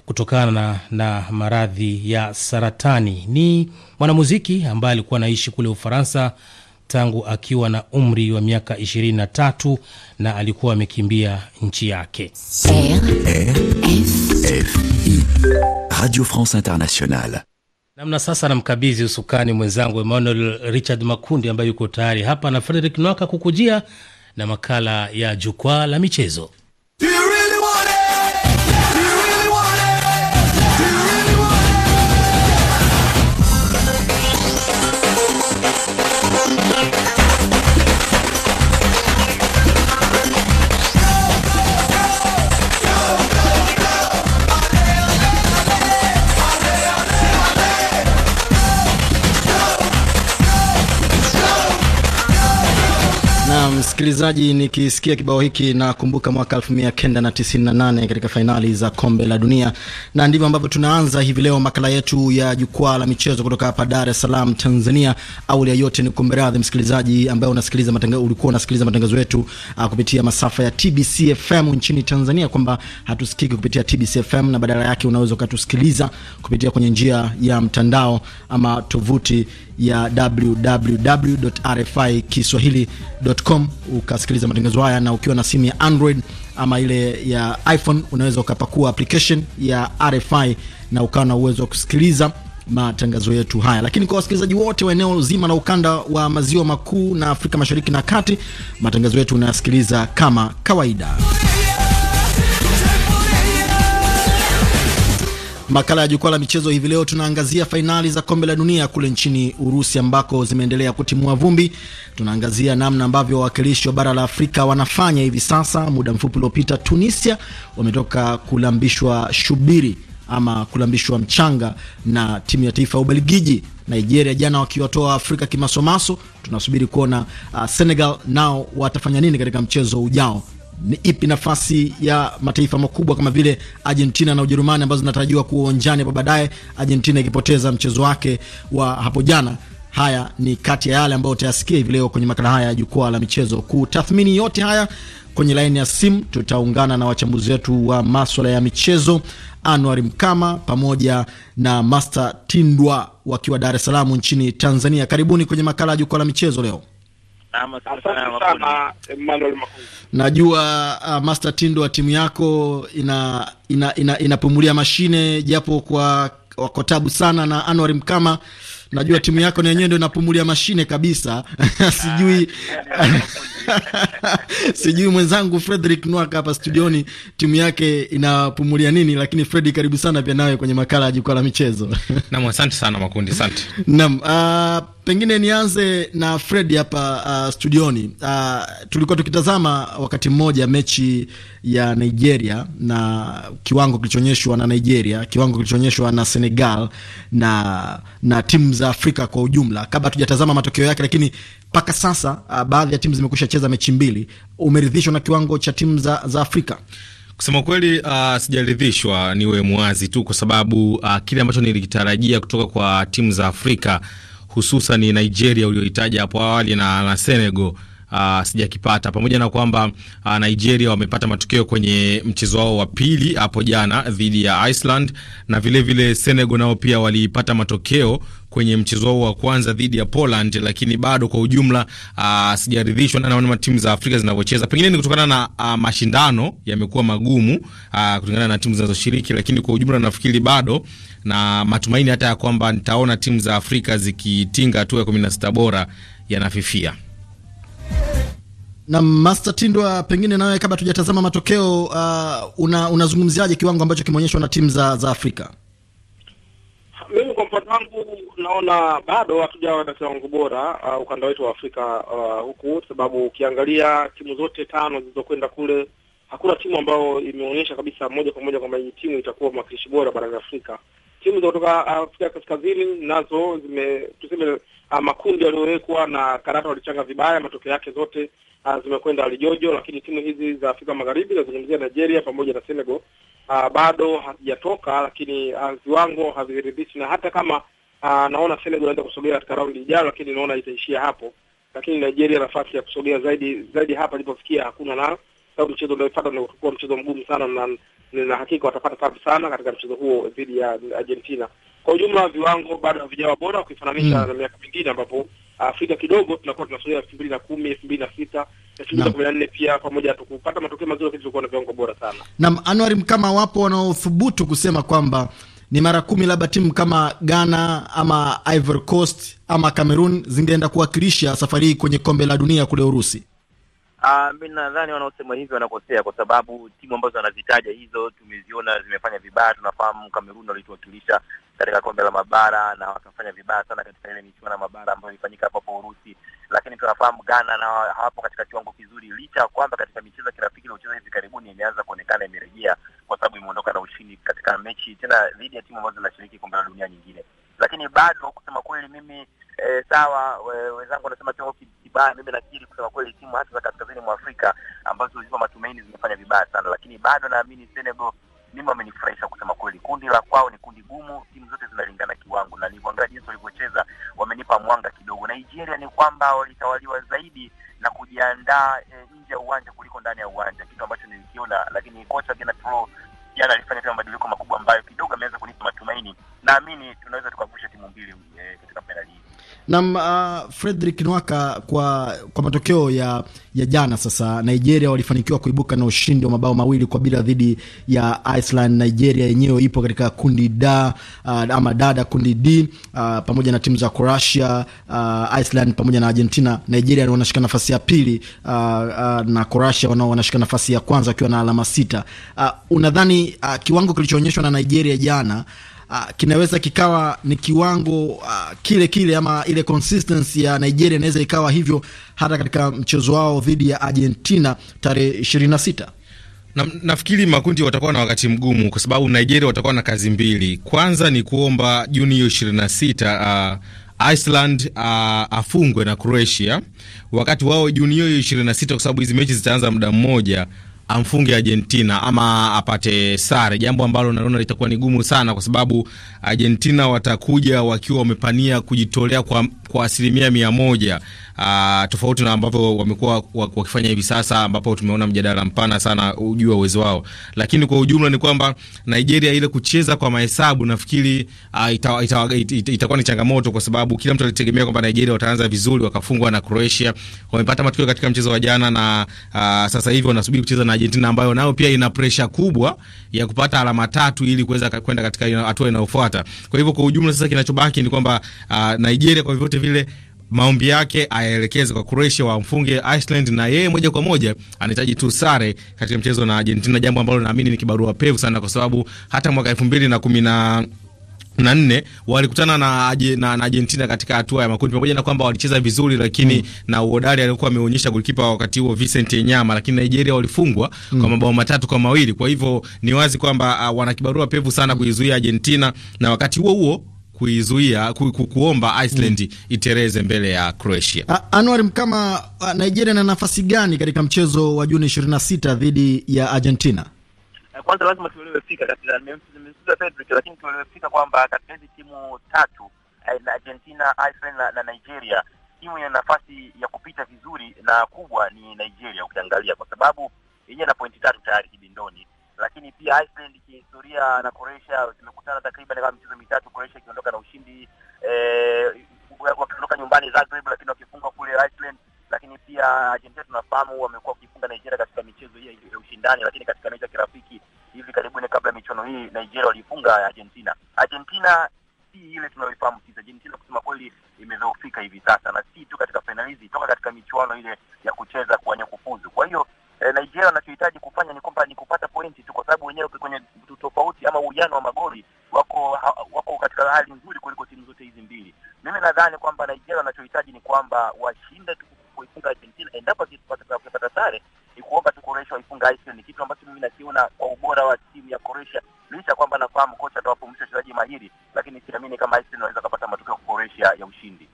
kutokana na, na maradhi ya saratani. Ni mwanamuziki ambaye alikuwa anaishi kule Ufaransa tangu akiwa na umri wa miaka 23 na alikuwa amekimbia nchi yake. Radio France
Internationale
namna. Sasa namkabidhi usukani mwenzangu Emmanuel Richard Makundi ambaye yuko tayari hapa na Frederick Nwaka kukujia na makala ya jukwaa la michezo.
Msikilizaji, nikisikia kibao hiki nakumbuka mwaka 1998 katika fainali za kombe la dunia, na ndivyo ambavyo tunaanza hivi leo makala yetu ya jukwaa la michezo kutoka hapa Dar es Salaam, Tanzania. Awali ya yote, niombe radhi msikilizaji ambaye unasikiliza matangazo, ulikuwa unasikiliza matangazo yetu uh, kupitia masafa ya TBC FM nchini Tanzania, kwamba hatusikiki kupitia TBC FM, na badala yake unaweza ukatusikiliza kupitia kwenye njia ya mtandao ama tovuti ya www.rfikiswahili.com ukasikiliza matangazo haya, na ukiwa na simu ya Android ama ile ya iPhone unaweza ukapakua application ya RFI na ukawa na uwezo wa kusikiliza matangazo yetu haya. Lakini kwa wasikilizaji wote wa eneo zima la ukanda wa maziwa makuu na Afrika Mashariki na Kati, matangazo yetu unayasikiliza kama kawaida. Makala ya jukwaa la michezo hivi leo tunaangazia fainali za kombe la dunia kule nchini Urusi ambako zimeendelea kutimua vumbi. Tunaangazia namna ambavyo wawakilishi wa bara la Afrika wanafanya hivi sasa. Muda mfupi uliopita, Tunisia wametoka kulambishwa shubiri ama kulambishwa mchanga na timu ya taifa ya Ubelgiji. Nigeria jana wakiwatoa Afrika kimasomaso. Tunasubiri kuona uh, Senegal nao watafanya nini katika mchezo ujao ni ipi nafasi ya mataifa makubwa kama vile Argentina na Ujerumani ambazo zinatarajiwa kuwa uwanjani hapo baadaye, Argentina ikipoteza mchezo wake wa hapo jana. Haya ni kati ya yale ambayo utayasikia hivi leo kwenye makala haya ya jukwaa la michezo. Kutathmini yote haya kwenye laini ya simu tutaungana na wachambuzi wetu wa maswala ya michezo Anwar Mkama pamoja na Master Tindwa wakiwa Dar es Salaam nchini Tanzania. Karibuni kwenye makala ya jukwaa la michezo leo najua uh, Master Tindo wa timu yako ina inapumulia ina, ina mashine japo kwa wako tabu sana na Anwar Mkama, najua timu yako na yenyewe ndio inapumulia mashine kabisa [laughs] sijui ah, eh, eh, [laughs] Sijui mwenzangu Frederick Nwaka hapa studioni timu yake inapumulia nini, lakini Fredi, karibu sana pia nawe kwenye makala ya jukwaa la michezo. [laughs]
Naam, asante sana makundi, asante.
Naam, uh, pengine nianze na Fredi hapa uh, studioni. Uh, tulikuwa tukitazama wakati mmoja mechi ya Nigeria na kiwango kilichoonyeshwa na Nigeria, kiwango kilichoonyeshwa na Senegal na na timu za Afrika kwa ujumla, kabla tujatazama matokeo yake, lakini mpaka sasa uh, baadhi ya timu zimekusha cheza mechi mbili. Umeridhishwa na kiwango cha timu za, za Afrika?
Kusema kweli, uh, sijaridhishwa, niwe mwazi tu, kwa sababu uh, kile ambacho nilikitarajia kutoka kwa timu za Afrika hususan ni Nigeria uliohitaja hapo awali na, na Senegal Uh, sijakipata pamoja na kwamba uh, Nigeria wamepata matokeo kwenye mchezo wao wa pili hapo jana dhidi ya Iceland, na vilevile Senegal nao pia walipata matokeo kwenye mchezo wao wa kwanza dhidi ya Poland, lakini bado kwa ujumla ah, sijaridhishwa na namna timu za Afrika zinavyocheza. Pengine ni kutokana na a, ah, mashindano yamekuwa magumu uh, kulingana na timu zinazoshiriki, lakini kwa ujumla nafikiri bado na matumaini hata ya kwamba nitaona timu za Afrika zikitinga hatua ya 16 bora yanafifia.
Na Master Tindwa, pengine nawe kabla tujatazama matokeo uh, una, unazungumziaje kiwango ambacho kimeonyeshwa na timu za, za Afrika?
Mimi kwa mfano tunaona bado hatujawa katika wangu bora uh, ukanda wetu wa Afrika uh, huku, sababu ukiangalia timu zote tano zilizokwenda kule hakuna timu ambayo imeonyesha kabisa moja kwa moja kwamba hii timu itakuwa mwakilishi bora barani Afrika. Timu za kutoka Afrika Kaskazini nazo zime tuseme, uh, makundi yaliyowekwa na karata walichanga vibaya, matokeo yake zote uh, zimekwenda alijojo, lakini timu hizi za Afrika Magharibi nazungumzia Nigeria pamoja na Senegal uh, bado hazijatoka, lakini uh, viwango haviridhishi, na hata kama Aa, ah, naona Senegal inaweza kusogea katika raundi ijayo, lakini naona itaishia hapo, lakini Nigeria nafasi ya kusogea zaidi zaidi hapa ilipofikia hakuna, na sababu mchezo unaofuata unakuwa mchezo mgumu sana, na nina hakika watapata tabu sana katika mchezo huo dhidi ya Argentina. Kwa ujumla, viwango bado havijawa bora ukifananisha mm. na miaka mingine ambapo ah, Afrika kidogo tunakuwa tunasogea elfu mbili na kumi elfu mbili na sita elfu mbili na kumi na nne pia pamoja tukupata matokeo mazuri, lakini tulikuwa na viwango bora sana.
Naam, Anuari Mkama, wapo wanaothubutu kusema kwamba ni mara kumi labda timu kama Ghana ama Ivory Coast ama Cameroon zingeenda kuwakilisha safari hii kwenye kombe la dunia kule Urusi.
Uh, ah, mi nadhani wanaosema hivyo wanakosea, kwa sababu timu ambazo wanazitaja hizo tumeziona zimefanya vibaya. Tunafahamu Kamerun walituwakilisha katika kombe la mabara na wakafanya vibaya sana katika ile michuano ya mabara ambayo ilifanyika hapo Urusi, lakini tunafahamu Ghana na hawapo katika kiwango kizuri, licha ya kwamba katika michezo ya kirafiki iliocheza hivi karibuni imeanza kuonekana imerejea kwa sababu imeondoka na ushindi katika mechi tena dhidi ya timu ambazo zinashiriki kombe la dunia nyingine. Lakini bado kusema kweli, mimi e, sawa we, wenzangu wanasema choo kibaya, mimi nakiri kusema kweli, timu hasa za kaskazini mwa Afrika ambazo zipo matumaini zimefanya vibaya sana, lakini bado naamini Senegal mimi wamenifurahisha kusema kweli. Kundi la kwao ni kundi gumu, timu zote zinalingana kiwango, na nilivyoangalia jinsi walivyocheza wamenipa mwanga kidogo. Nigeria ni kwamba walitawaliwa zaidi na kujiandaa e, nje ya uwanja kuliko ndani ya uwanja, kitu ambacho nilikiona, lakini kocha Genatro jana alifanya pia mabadiliko makubwa ambayo kidogo ameweza kunipa matumaini naamini tunaweza tukavusha timu mbili e, katika fainali hii.
Naam, uh, ah, Frederick Nwaka, kwa kwa matokeo ya ya jana sasa, Nigeria walifanikiwa kuibuka na ushindi wa mabao mawili kwa bila dhidi ya Iceland. Nigeria yenyewe ipo katika kundi da uh, ama dada kundi D uh, pamoja na timu za Croatia, uh, Iceland pamoja na Argentina. Nigeria wanashika nafasi ya pili uh, uh, na Croatia wanao wanashika nafasi ya kwanza wakiwa na alama sita. Uh, unadhani uh, kiwango kilichoonyeshwa na Nigeria jana uh, kinaweza kikawa ni kiwango uh, kile kile ama ile consistency ya Nigeria inaweza ikawa hivyo hata katika mchezo wao dhidi ya Argentina tarehe 26.
Na, nafikiri makundi watakuwa na wakati mgumu kwa sababu Nigeria watakuwa na kazi mbili. Kwanza ni kuomba Juni hiyo 26 uh, Iceland uh, afungwe na Croatia, wakati wao Juni hiyo 26 kwa sababu hizi mechi zitaanza muda mmoja amfunge Argentina ama apate sare, jambo ambalo naona litakuwa ni gumu sana, kwa sababu Argentina watakuja wakiwa wamepania kujitolea kwa, kwa asilimia mia moja uh, tofauti na ambavyo wamekuwa wakifanya hivi sasa, ambapo tumeona mjadala mpana sana juu ya uwezo wao, lakini kwa ujumla ni kwamba Nigeria ile kucheza kwa mahesabu nafikiri uh, ah, itakuwa ita, ita, ita, ita, ita ni changamoto, kwa sababu kila mtu alitegemea kwamba Nigeria wataanza vizuri, wakafungwa na Croatia, wamepata matokeo katika mchezo wa jana, na uh, sasa hivi wanasubiri kucheza na Argentina ambayo nayo pia ina pressure kubwa ya kupata alama tatu ili kuweza kwenda katika hatua inayofuata. Kwa hivyo kwa ujumla sasa kinachobaki ni kwamba uh, Nigeria kwa vyovyote vile maombi yake ayaelekeze kwa Croatia wamfunge Iceland, na yeye moja kwa moja anahitaji tu sare katika mchezo na Argentina, jambo ambalo naamini ni kibarua pevu sana, kwa sababu hata mwaka elfu mbili na kumi na na nne walikutana na, na, na Argentina katika hatua ya makundi, pamoja na kwamba walicheza vizuri, lakini mm. na uhodari aliokuwa ameonyesha golikipa wakati huo Vincent Nyama, lakini Nigeria walifungwa mm. kwa mabao matatu kwa mawili. Kwa hivyo ni wazi kwamba uh, wana kibarua pevu sana kuizuia Argentina, na wakati huo huo kuizuia ku, kuomba Iceland mm, itereze mbele ya Croatia.
Anwar kama Nigeria na nafasi gani katika mchezo wa Juni 26 dhidi ya Argentina? Eh, kwanza
lazima tuelewe fika katika nimemsikiza Pedro, lakini tuelewe fika kwamba katika hizi timu tatu eh, na Argentina, Iceland na, na Nigeria, timu yenye nafasi ya kupita vizuri na kubwa ni Nigeria ukiangalia, kwa sababu yenyewe na pointi tatu tayari kibindoni lakini pia Iceland kihistoria na Croatia zimekutana takriban kama michezo mitatu, Croatia ikiondoka na ushindi
eh,
wakiondoka nyumbani Zagreb, lakini wakifunga kule Iceland. Lakini pia Argentina tunafahamu wamekuwa wakifunga Nigeria katika michezo hii ya ushindani, lakini katika mechi ya kirafiki hivi karibuni, kabla ya michuano hii, Nigeria walifunga Argentina. Argentina si ile tunayoifahamu sisi. Argentina kusema kweli imedhoofika hivi sasa, na si tu katika fainali hizi, toka katika michuano ile ya kucheza kuwania kufuzu. Kwa hiyo eh, Nigeria wanachohitaji kufanya ni kwamba ni kupata pointi tu, kwa sababu wenyewe kwenye tofauti ama uwiano wa magoli wako ha, wako katika hali nzuri kuliko timu zote hizi mbili. Mimi nadhani kwamba Nigeria wanachohitaji ni kwamba washinde tu kuifunga Argentina. Endapo akipata sare, ni kuomba tu Croatia waifunga Iceland, ni kitu ambacho mimi nakiona kwa ubora wa timu ya Croatia, licha kwamba nafahamu kocha atawapumzisha wachezaji mahiri, lakini siamini kama Iceland wanaweza kupata matokeo kwa Croatia ya ushindi.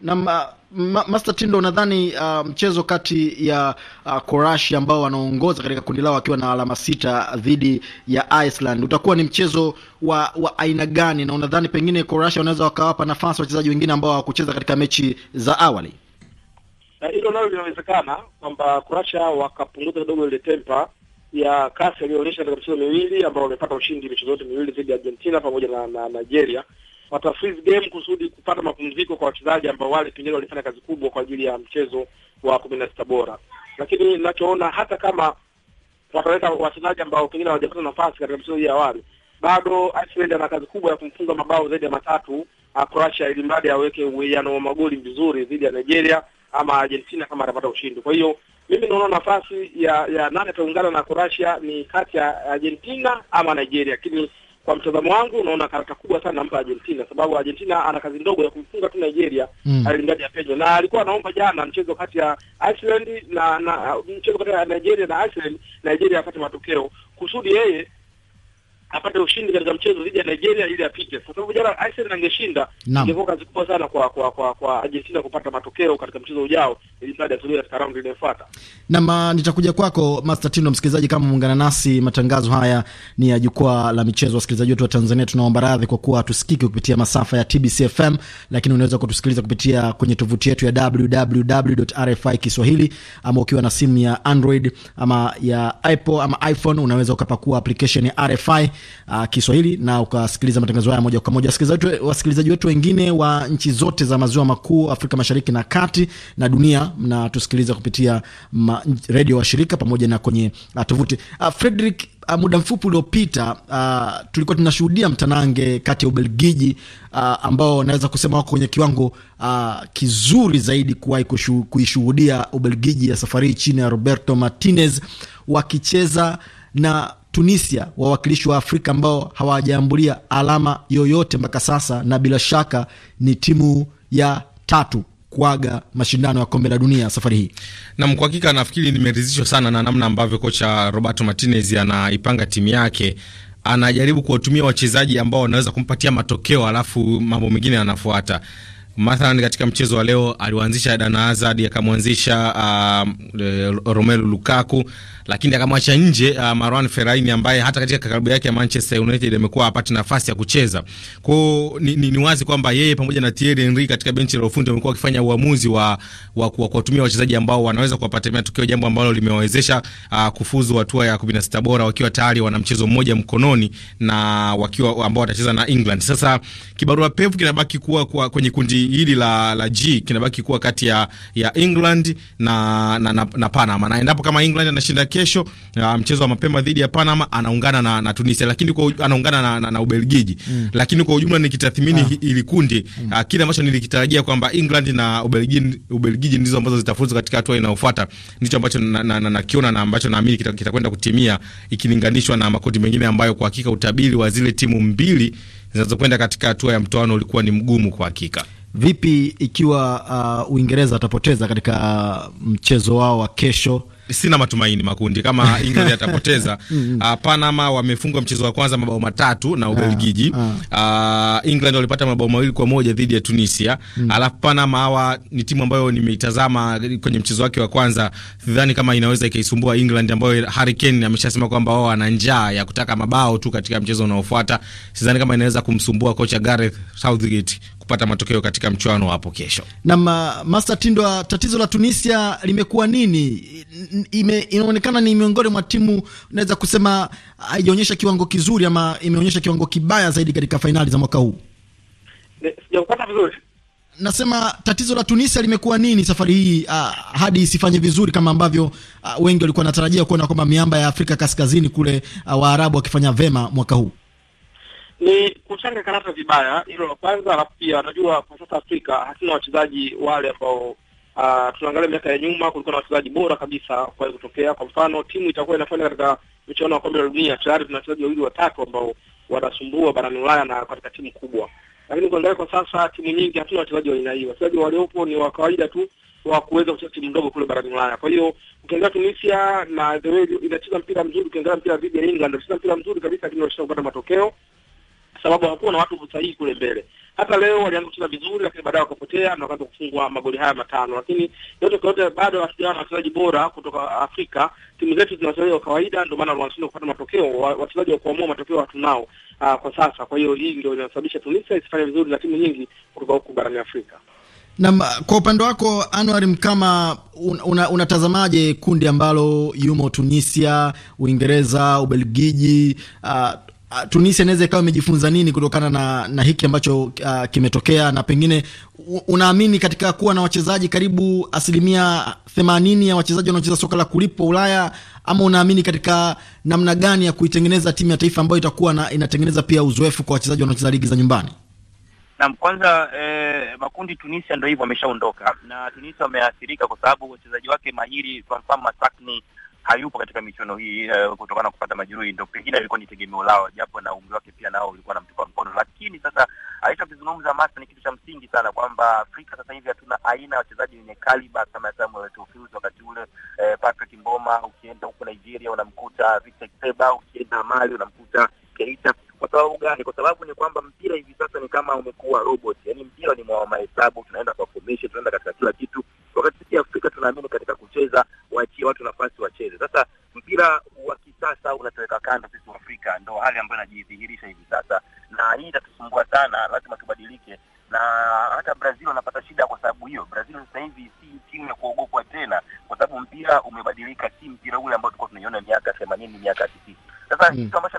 Na ma, ma, Master Tindo, unadhani uh, mchezo kati ya uh, Korashi ambao wanaongoza katika kundi lao wakiwa na alama sita dhidi ya Iceland utakuwa ni mchezo wa, wa aina gani, na unadhani pengine Korashi wanaweza wakawapa nafasi wachezaji wengine ambao hawakucheza katika mechi za awali?
Hilo nalo linawezekana kwamba Korasha wakapunguza kidogo ile tempa ya kasi aliyoonyesha katika michezo miwili ambao wamepata ushindi michezo yote miwili dhidi ya Argentina pamoja na, na Nigeria wata freeze game kusudi kupata mapumziko kwa wachezaji ambao wale pengine walifanya kazi kubwa kwa ajili ya mchezo wa kumi na sita bora. Lakini ninachoona hata kama wataleta wachezaji ambao pengine hawajapata nafasi katika mchezo ya awali, bado Iceland ana kazi kubwa ya kumfunga mabao zaidi ya matatu uh, Croatia, ili mradi aweke uwiano wa magoli vizuri dhidi ya Nigeria ama Argentina kama atapata ushindi. Kwa hiyo mimi naona nafasi ya ya nane ataungana na Croatia ni kati ya Argentina ama Nigeria, lakini kwa mtazamo wangu unaona karata kubwa sana nampa Argentina, sababu Argentina ana kazi ndogo ya kumfunga tu Nigeria mm. ya penyo na alikuwa anaomba jana mchezo kati ya Iceland na, na uh, mchezo kati ya Nigeria na Iceland, Nigeria apate matokeo kusudi yeye apate ushindi katika mchezo dhidi ya Nigeria ili apite, kwa sababu jana Iceland angeshinda ingekuwa kazi kubwa sana kwa kwa kwa, kwa Argentina kupata matokeo katika mchezo ujao, ili mradi asubuhi katika raundi inayofuata.
Na ma, nitakuja kwako Master Tino. Msikilizaji, kama muungana nasi, matangazo haya ni ya jukwaa la michezo. Wasikilizaji wetu wa Tanzania, tunaomba radhi kwa kuwa tusikiki kupitia masafa ya TBC FM, lakini unaweza kutusikiliza kupitia kwenye tovuti yetu ya www.rfikiswahili, ama ukiwa na simu ya Android ama ya Apple ama iPhone, unaweza ukapakua application ya RFI uh, Kiswahili na ukasikiliza matangazo haya moja kwa moja. Wasikilizaji wetu wengine wa nchi zote za maziwa makuu, Afrika Mashariki na Kati na dunia, mnatusikiliza kupitia redio wa shirika pamoja na kwenye uh, tovuti uh, Frederick Uh, muda mfupi uliopita uh, tulikuwa tunashuhudia mtanange kati ya Ubelgiji uh, ambao naweza kusema wako kwenye kiwango uh, kizuri zaidi kuwahi kuishuhudia Ubelgiji ya safari chini ya Roberto Martinez wakicheza na Tunisia, wawakilishi wa Afrika ambao hawajaambulia alama yoyote mpaka sasa, na bila shaka ni timu ya tatu kuaga mashindano ya kombe la dunia safari hii.
Nam, kwa hakika nafikiri nimeridhishwa sana na namna ambavyo kocha Roberto Martinez anaipanga timu yake. Anajaribu kuwatumia wachezaji ambao wanaweza kumpatia matokeo, alafu mambo mengine yanafuata. Mathalan katika mchezo wa leo aliwaanzisha Dana Hazard, akamwanzisha uh, Romelu Lukaku, lakini akamwacha nje uh, Marwan Feraini ambaye hata katika klabu yake ya Manchester United amekuwa apate nafasi ya kucheza. kwao. ni, ni, ni wazi kwamba yeye pamoja na Thierry Henry katika benchi la ufundi wamekuwa wakifanya uamuzi wa wa kuwatumia wachezaji ambao wanaweza kuwapatia matokeo, jambo ambalo limewawezesha uh, kufuzu hatua ya kumi na sita bora wakiwa tayari wana mchezo mmoja mkononi na wakiwa ambao watacheza na England. Sasa kibarua pevu kinabaki kuwa kwenye kundi hili la, la G kinabaki kuwa kati ya, ya England na, na, na, na Panama, na endapo kama England anashinda kesho mchezo wa mapema dhidi ya Panama anaungana na, na Tunisia, lakini kwa anaungana na, na, na Ubelgiji mm. lakini kwa ujumla nikitathmini ah. hili kundi mm. uh, kile ambacho nilikitarajia kwamba England na Ubelgiji, Ubelgiji ndizo ambazo zitafuzu katika hatua inayofuata ndicho ambacho nakiona na, na, na, na ambacho naamini kitakwenda kita kutimia ikilinganishwa na makundi mengine ambayo kwa hakika utabiri wa zile timu mbili zinazokwenda katika hatua ya mtoano ulikuwa ni mgumu kwa hakika.
Vipi ikiwa uh, Uingereza atapoteza katika uh, mchezo wao wa kesho?
Sina matumaini makundi kama England [laughs] atapoteza. Mm, mm. Uh, Panama wamefungwa mchezo wa kwanza mabao matatu na ah, Ubelgiji. Uh, uh, England walipata mabao mawili kwa moja dhidi ya Tunisia. Mm. Alafu Panama hawa ni timu ambayo nimeitazama kwenye mchezo wake wa kwanza, sidhani kama inaweza ikaisumbua England ambayo Harry Kane ameshasema kwamba wao wana njaa ya kutaka mabao tu katika mchezo unaofuata. Sidhani kama inaweza kumsumbua kocha Gareth Southgate kupata matokeo katika mchuano hapo kesho.
Na ma, uh, Master Tindwa, uh, tatizo la Tunisia limekuwa nini? Ime, inaonekana ni miongoni mwa timu naweza kusema uh, haijaonyesha kiwango kizuri ama imeonyesha kiwango kibaya zaidi katika fainali za mwaka huu. Sijakupata vizuri. Nasema tatizo la Tunisia limekuwa nini safari hii uh, hadi isifanye vizuri kama ambavyo uh, wengi walikuwa wanatarajia kuona kwamba miamba ya Afrika Kaskazini kule uh, Waarabu wakifanya vema mwaka huu
ni kuchanga karata vibaya, hilo la kwanza. Alafu pia unajua kwa sasa Afrika hatuna wachezaji wale ambao uh, ah, tunaangalia miaka ya nyuma kulikuwa na wachezaji bora kabisa kuwahi kutokea. Kwa mfano timu itakuwa inafanya katika michuano ya kombe la dunia, tayari tuna wachezaji wawili watatu ambao wanasumbua barani Ulaya na katika timu kubwa, lakini kuangalia kwa sasa timu nyingi hatuna wachezaji wa aina hiyo. Wachezaji waliopo ni wa kawaida tu wa kuweza kucheza timu ndogo kule barani Ulaya. Kwa hiyo ukiangalia Tunisia na the way inacheza mpira mzuri, ukiangalia mpira dhidi ya England inacheza mpira mzuri kabisa, lakini wanashindwa kupata matokeo sababu hawakuwa na watu sahihi kule mbele. Hata leo walianza kucheza vizuri, lakini baadaye wakapotea na wakaanza kufungwa magoli haya matano. Lakini yote kwa yote, bado hatujawa na wachezaji bora kutoka Afrika. Timu zetu zina wachezaji wa kawaida, ndio maana wanashindwa kupata matokeo. Wachezaji wa kuamua matokeo hatunao ah, kwa sasa. Kwa hiyo hii ndio inasababisha Tunisia isifanye vizuri na timu nyingi kutoka huku barani Afrika.
Na kwa upande wako Anwar Mkama, unatazamaje una kundi ambalo yumo Tunisia, Uingereza, Ubelgiji, uh, Ah, Tunisia inaweza ikawa imejifunza nini kutokana na, na hiki ambacho uh, kimetokea, na pengine unaamini katika kuwa na wachezaji karibu asilimia themanini ya wachezaji wanaocheza soka la kulipwa Ulaya, ama unaamini katika namna gani ya kuitengeneza timu ya taifa ambayo itakuwa na, inatengeneza pia uzoefu kwa wachezaji wanaocheza ligi za nyumbani?
Naam, kwanza eh, makundi Tunisia ndio hivyo, wameshaondoka na Tunisia wameathirika kwa sababu wachezaji wake mahiri, kwa mfano Masakni hayupo katika michuano hii uh, kutokana na kupata majeruhi, ndo pengine alikuwa ni tegemeo lao, japo na umri wake pia nao ulikuwa namtupa mkono. Lakini sasa alichokizungumza Masta ni kitu cha msingi sana, kwamba Afrika sasa hivi hatuna aina ya wachezaji wenye kaliba kama Samuel Etofils wakati ule, eh, Patrick Mboma. Ukienda huko Nigeria unamkuta Victor Seba, ukienda Mali unamkuta Keita. Kwa sababu gani? Kwa sababu ni kwamba mpira hivi sasa ni kama umekuwa robot, yani mpira ni mwa mahesabu, tunaenda kwa formation, tunaenda katika kila kitu, wakati sisi Afrika tunaamini katika kucheza waachie watu nafasi wacheze. Sasa mpira wa kisasa unatoweka kando, sisi wa Afrika ndo hali ambayo inajidhihirisha hivi sasa, na hii itatusumbua sana, lazima tubadilike. Na hata Brazil wanapata shida kwa sababu hiyo. Brazil sasa hivi si timu ya kuogopwa tena, kwa sababu mpira umebadilika, si mpira ule ambao tulikuwa tunaiona miaka themanini, miaka tisini. Sasa kitu hmm. ambacho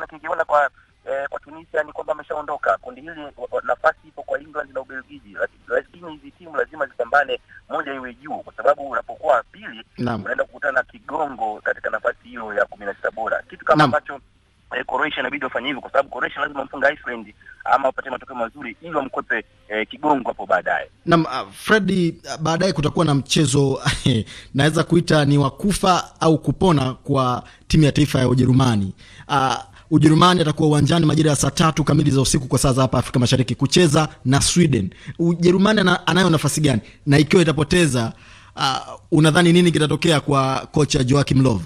kufanya hivyo, kwa sababu Croatia lazima mfunga Iceland ama wapate matokeo mazuri ili wamkwepe eh, kigongo hapo baadaye.
Naam, uh, Freddy, ah, baadaye kutakuwa na mchezo [laughs] naweza kuita ni wakufa au kupona kwa timu ya taifa ya Ujerumani. Uh, Ujerumani atakuwa uwanjani majira ya saa tatu kamili za usiku kwa saa za hapa Afrika Mashariki kucheza na Sweden. Ujerumani ana, anayo nafasi gani? Na ikiwa itapoteza, uh, unadhani nini kitatokea kwa kocha Joachim Löw?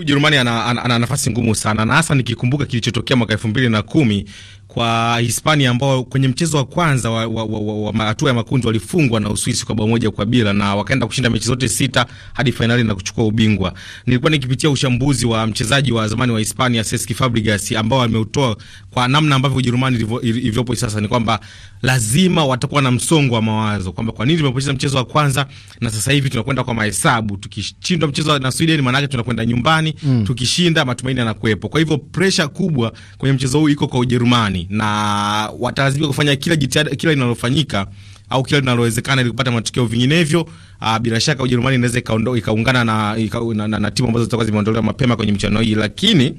Ujerumani ana, ana, ana nafasi ngumu sana na hasa nikikumbuka kilichotokea mwaka elfu mbili na kumi kwa Hispania ambao kwenye mchezo wa kwanza wa, wa, wa, wa, wa hatua ya makundi walifungwa na Uswisi kwa bao moja kwa bila na wakaenda kushinda mechi zote sita hadi fainali na kuchukua ubingwa. Nilikuwa nikipitia ushambuzi wa mchezaji wa zamani wa Hispania Cesc Fabregas ambao ameutoa kwa namna ambavyo Ujerumani ilivyopo sasa, ni kwamba lazima watakuwa na msongo wa mawazo kwamba kwa nini tumepoteza mchezo wa kwanza na sasa hivi tunakwenda kwa mahesabu. Tukishindwa mchezo na Sweden, maana yake tunakwenda nyumbani. Mm. Tukishinda, matumaini yanakuwepo. Kwa hivyo presha kubwa kwenye mchezo huu iko kwa Ujerumani na watalazimika kufanya kila jitihada, kila linalofanyika au kila linalowezekana ili kupata matokeo, vinginevyo uh, bila shaka Ujerumani inaweza ikaungana na, na, na, na timu ambazo zitakuwa zimeondolewa mapema kwenye michuano hii, lakini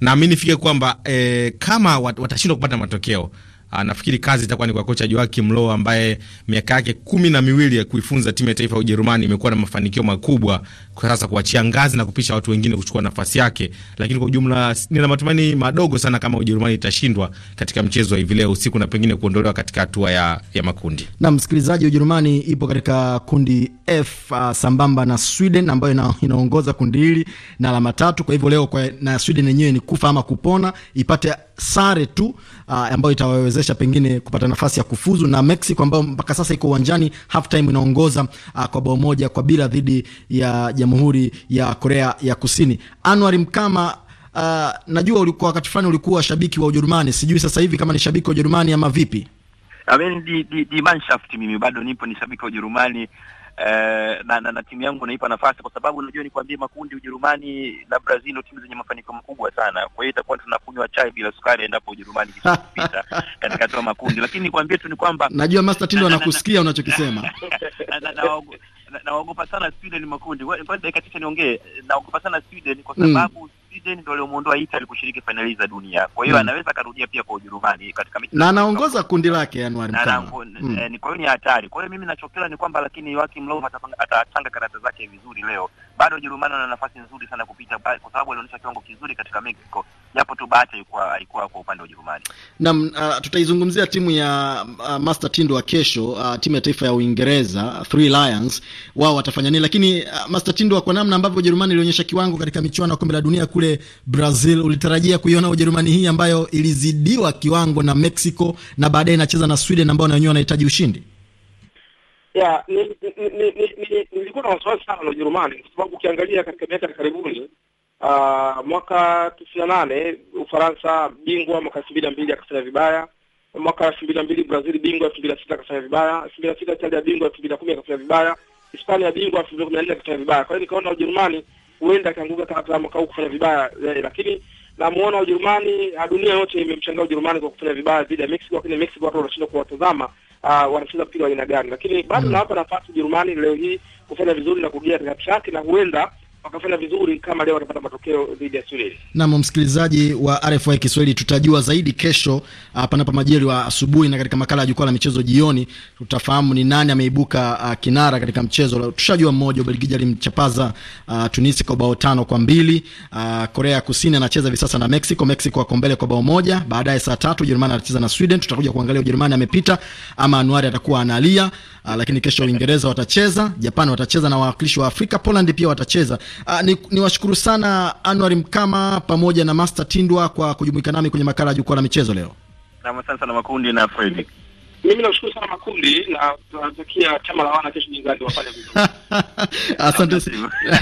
naamini fike kwamba eh, kama wat, watashindwa kupata matokeo Ah, nafikiri kazi itakuwa ni kwa kocha Joachim Low ambaye miaka yake kumi na miwili ya kuifunza timu ya taifa ya Ujerumani imekuwa na mafanikio makubwa, kwa sasa kuachia ngazi na kupisha watu wengine kuchukua nafasi yake. Lakini kwa ujumla, nina matumaini madogo sana kama Ujerumani itashindwa katika mchezo wa hivi leo usiku na pengine kuondolewa katika hatua ya, ya makundi.
Na msikilizaji, Ujerumani ipo katika kundi F uh, sambamba na Sweden ambayo ina, inaongoza kundi hili na alama tatu. Kwa hivyo leo kwa, na Sweden yenyewe ni kufa ama kupona ipate sare tu uh, ambayo itawawezesha pengine kupata nafasi ya kufuzu na Mexico ambayo mpaka sasa iko uwanjani time inaongoza uh, kwa bao moja kwa bila dhidi ya Jamhuri ya Korea ya Kusini. Anwar Mkama Uh, najua ulikuwa wakati fulani ulikuwa shabiki wa Ujerumani, sijui sasa hivi kama ni shabiki wa Ujerumani ama vipi?
I mean, di, di, di Mannschaft mimi bado nipo ni shabiki wa Ujerumani Eh, na, na, na timu yangu naipa nafasi, kwa sababu unajua ni nikwambie, makundi Ujerumani na Brazil ndio timu zenye mafanikio makubwa sana. Kwa hiyo itakuwa tunakunywa chai bila sukari endapo Ujerumani
kisipita
[laughs] katika hatua makundi, lakini nikwambie tu ni kwamba najua
Master Tindo anakusikia unachokisema
naogopa sana Sweden makundi. Kwa dakika chache niongee, naogopa sana Sweden kwa mm. sababu Citizen ndio aliomuondoa Italy kushiriki fainali za dunia. Kwa hiyo mm. anaweza akarudia pia kwa Ujerumani katika mechi.
Na anaongoza kundi lake Januari Mkama.
Mm. Eh, kwa hiyo ni hatari. Kwa hiyo mimi nachokela ni kwamba lakini Joachim Löw atapanga karata zake vizuri leo. Bado Ujerumani ana nafasi nzuri sana kupita kwa sababu alionyesha kiwango kizuri katika Mexico japo tu bahati haikuwa haikuwa kwa upande wa Ujerumani.
Naam, uh, tutaizungumzia timu ya uh, Master Tindo wa kesho, uh, timu ya taifa ya Uingereza Three Lions, wao watafanya nini? Lakini uh, Master Tindo, kwa namna ambavyo Ujerumani ilionyesha kiwango katika michuano ya kombe la dunia kule Brazil, ulitarajia kuiona Ujerumani hii ambayo ilizidiwa kiwango na Mexico na baadaye inacheza na Sweden ambao na wenyewe wanahitaji ushindi?
Yeah, nilikuwa na wasiwasi sana na Ujerumani kwa sababu ukiangalia katika miaka ya karibuni Uh, mwaka tisini na nane Ufaransa bingwa, mwaka elfu mbili na mbili akafanya vibaya, mwaka elfu mbili na mbili Brazil bingwa, elfu mbili na sita akafanya vibaya, elfu mbili na sita Italia bingwa, elfu mbili na kumi akafanya vibaya, Hispania bingwa, elfu mbili kumi na nne akafanya vibaya. Kwa hiyo nikaona Ujerumani huenda akianguka katika mwaka huu kufanya vibaya eh, lakini namuona Ujerumani, ah, dunia yote imemshangaa Ujerumani kwa kufanya vibaya dhidi ya Mexico, lakini Mexico watu wanashindwa kuwatazama Uh, wanacheza mpira wa aina gani, lakini bado mm, nawapa nafasi Ujerumani leo hii kufanya vizuri na kugia katika yake na huenda wakafanya vizuri kama leo watapata matokeo dhidi ya Sweden.
Naam, msikilizaji wa RFI Kiswahili, tutajua zaidi kesho uh, panapo wa asubuhi, na katika makala ya jukwaa la michezo jioni tutafahamu ni nani ameibuka uh, kinara katika mchezo. Tushajua mmoja, Ubelgiji alimchapaza uh, Tunisia kwa bao tano kwa mbili. Uh, Korea Kusini anacheza hivi sasa na Mexico. Mexico wako mbele kwa bao moja. Baadaye saa tatu Ujerumani anacheza na Sweden. Tutakuja kuangalia Ujerumani amepita ama Anuari atakuwa analia. Uh, lakini kesho Uingereza watacheza, Japan watacheza na wawakilishi wa Afrika, Poland pia watacheza Uh, ni, ni washukuru sana Anwar Mkama pamoja na Master Tindwa kwa kujumuika nami kwenye makala ya jukwaa la michezo leo.
Na asante sana Makundi na Fredrick. Mimi nashukuru sana Makundi
na tunatakia chama la wana kesho nyingine wafanye vizuri.
[laughs] Asante.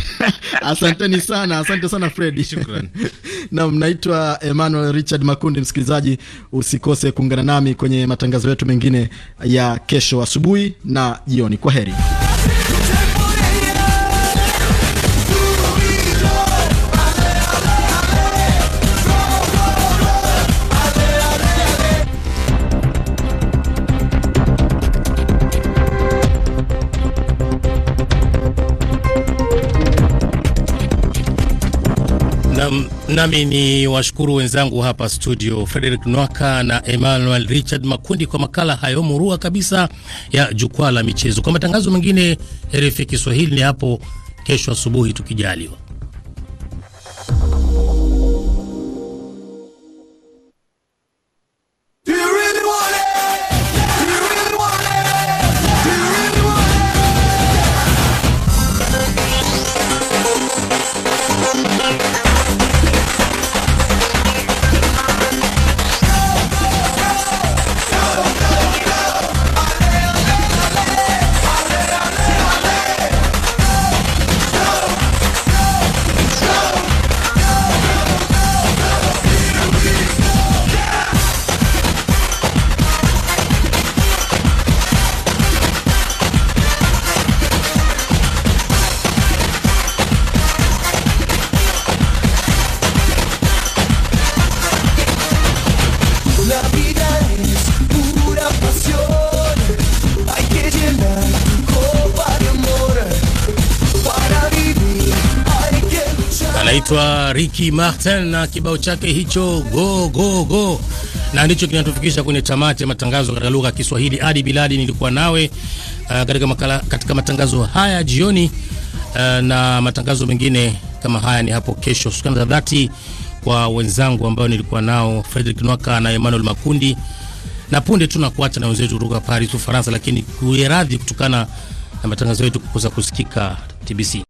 [laughs] Asanteni sana, asante sana Fred. Shukrani. [laughs] Na naitwa Emmanuel Richard Makundi, msikilizaji, usikose kuungana nami kwenye matangazo yetu mengine ya kesho asubuhi na jioni. Kwaheri. heri.
Nami ni washukuru wenzangu hapa studio Frederick Nwaka na Emmanuel Richard Makundi kwa makala hayo murua kabisa ya jukwaa la michezo. Kwa matangazo mengine RFI Kiswahili ni hapo kesho asubuhi tukijaliwa. Ricky Martin na kibao chake hicho go go go, na ndicho kinatufikisha kwenye tamati ya matangazo katika lugha ya Kiswahili. Adi Biladi nilikuwa nawe uh, katika makala, katika matangazo haya jioni uh, na matangazo mengine kama haya ni hapo kesho. Shukrani za dhati kwa wenzangu ambao nilikuwa nao Frederick Nwaka na Emmanuel Makundi, na punde nakuacha na wenzetu kutoka Paris, Ufaransa, lakini
kueradhi kutokana na matangazo yetu kukosa kusikika TBC.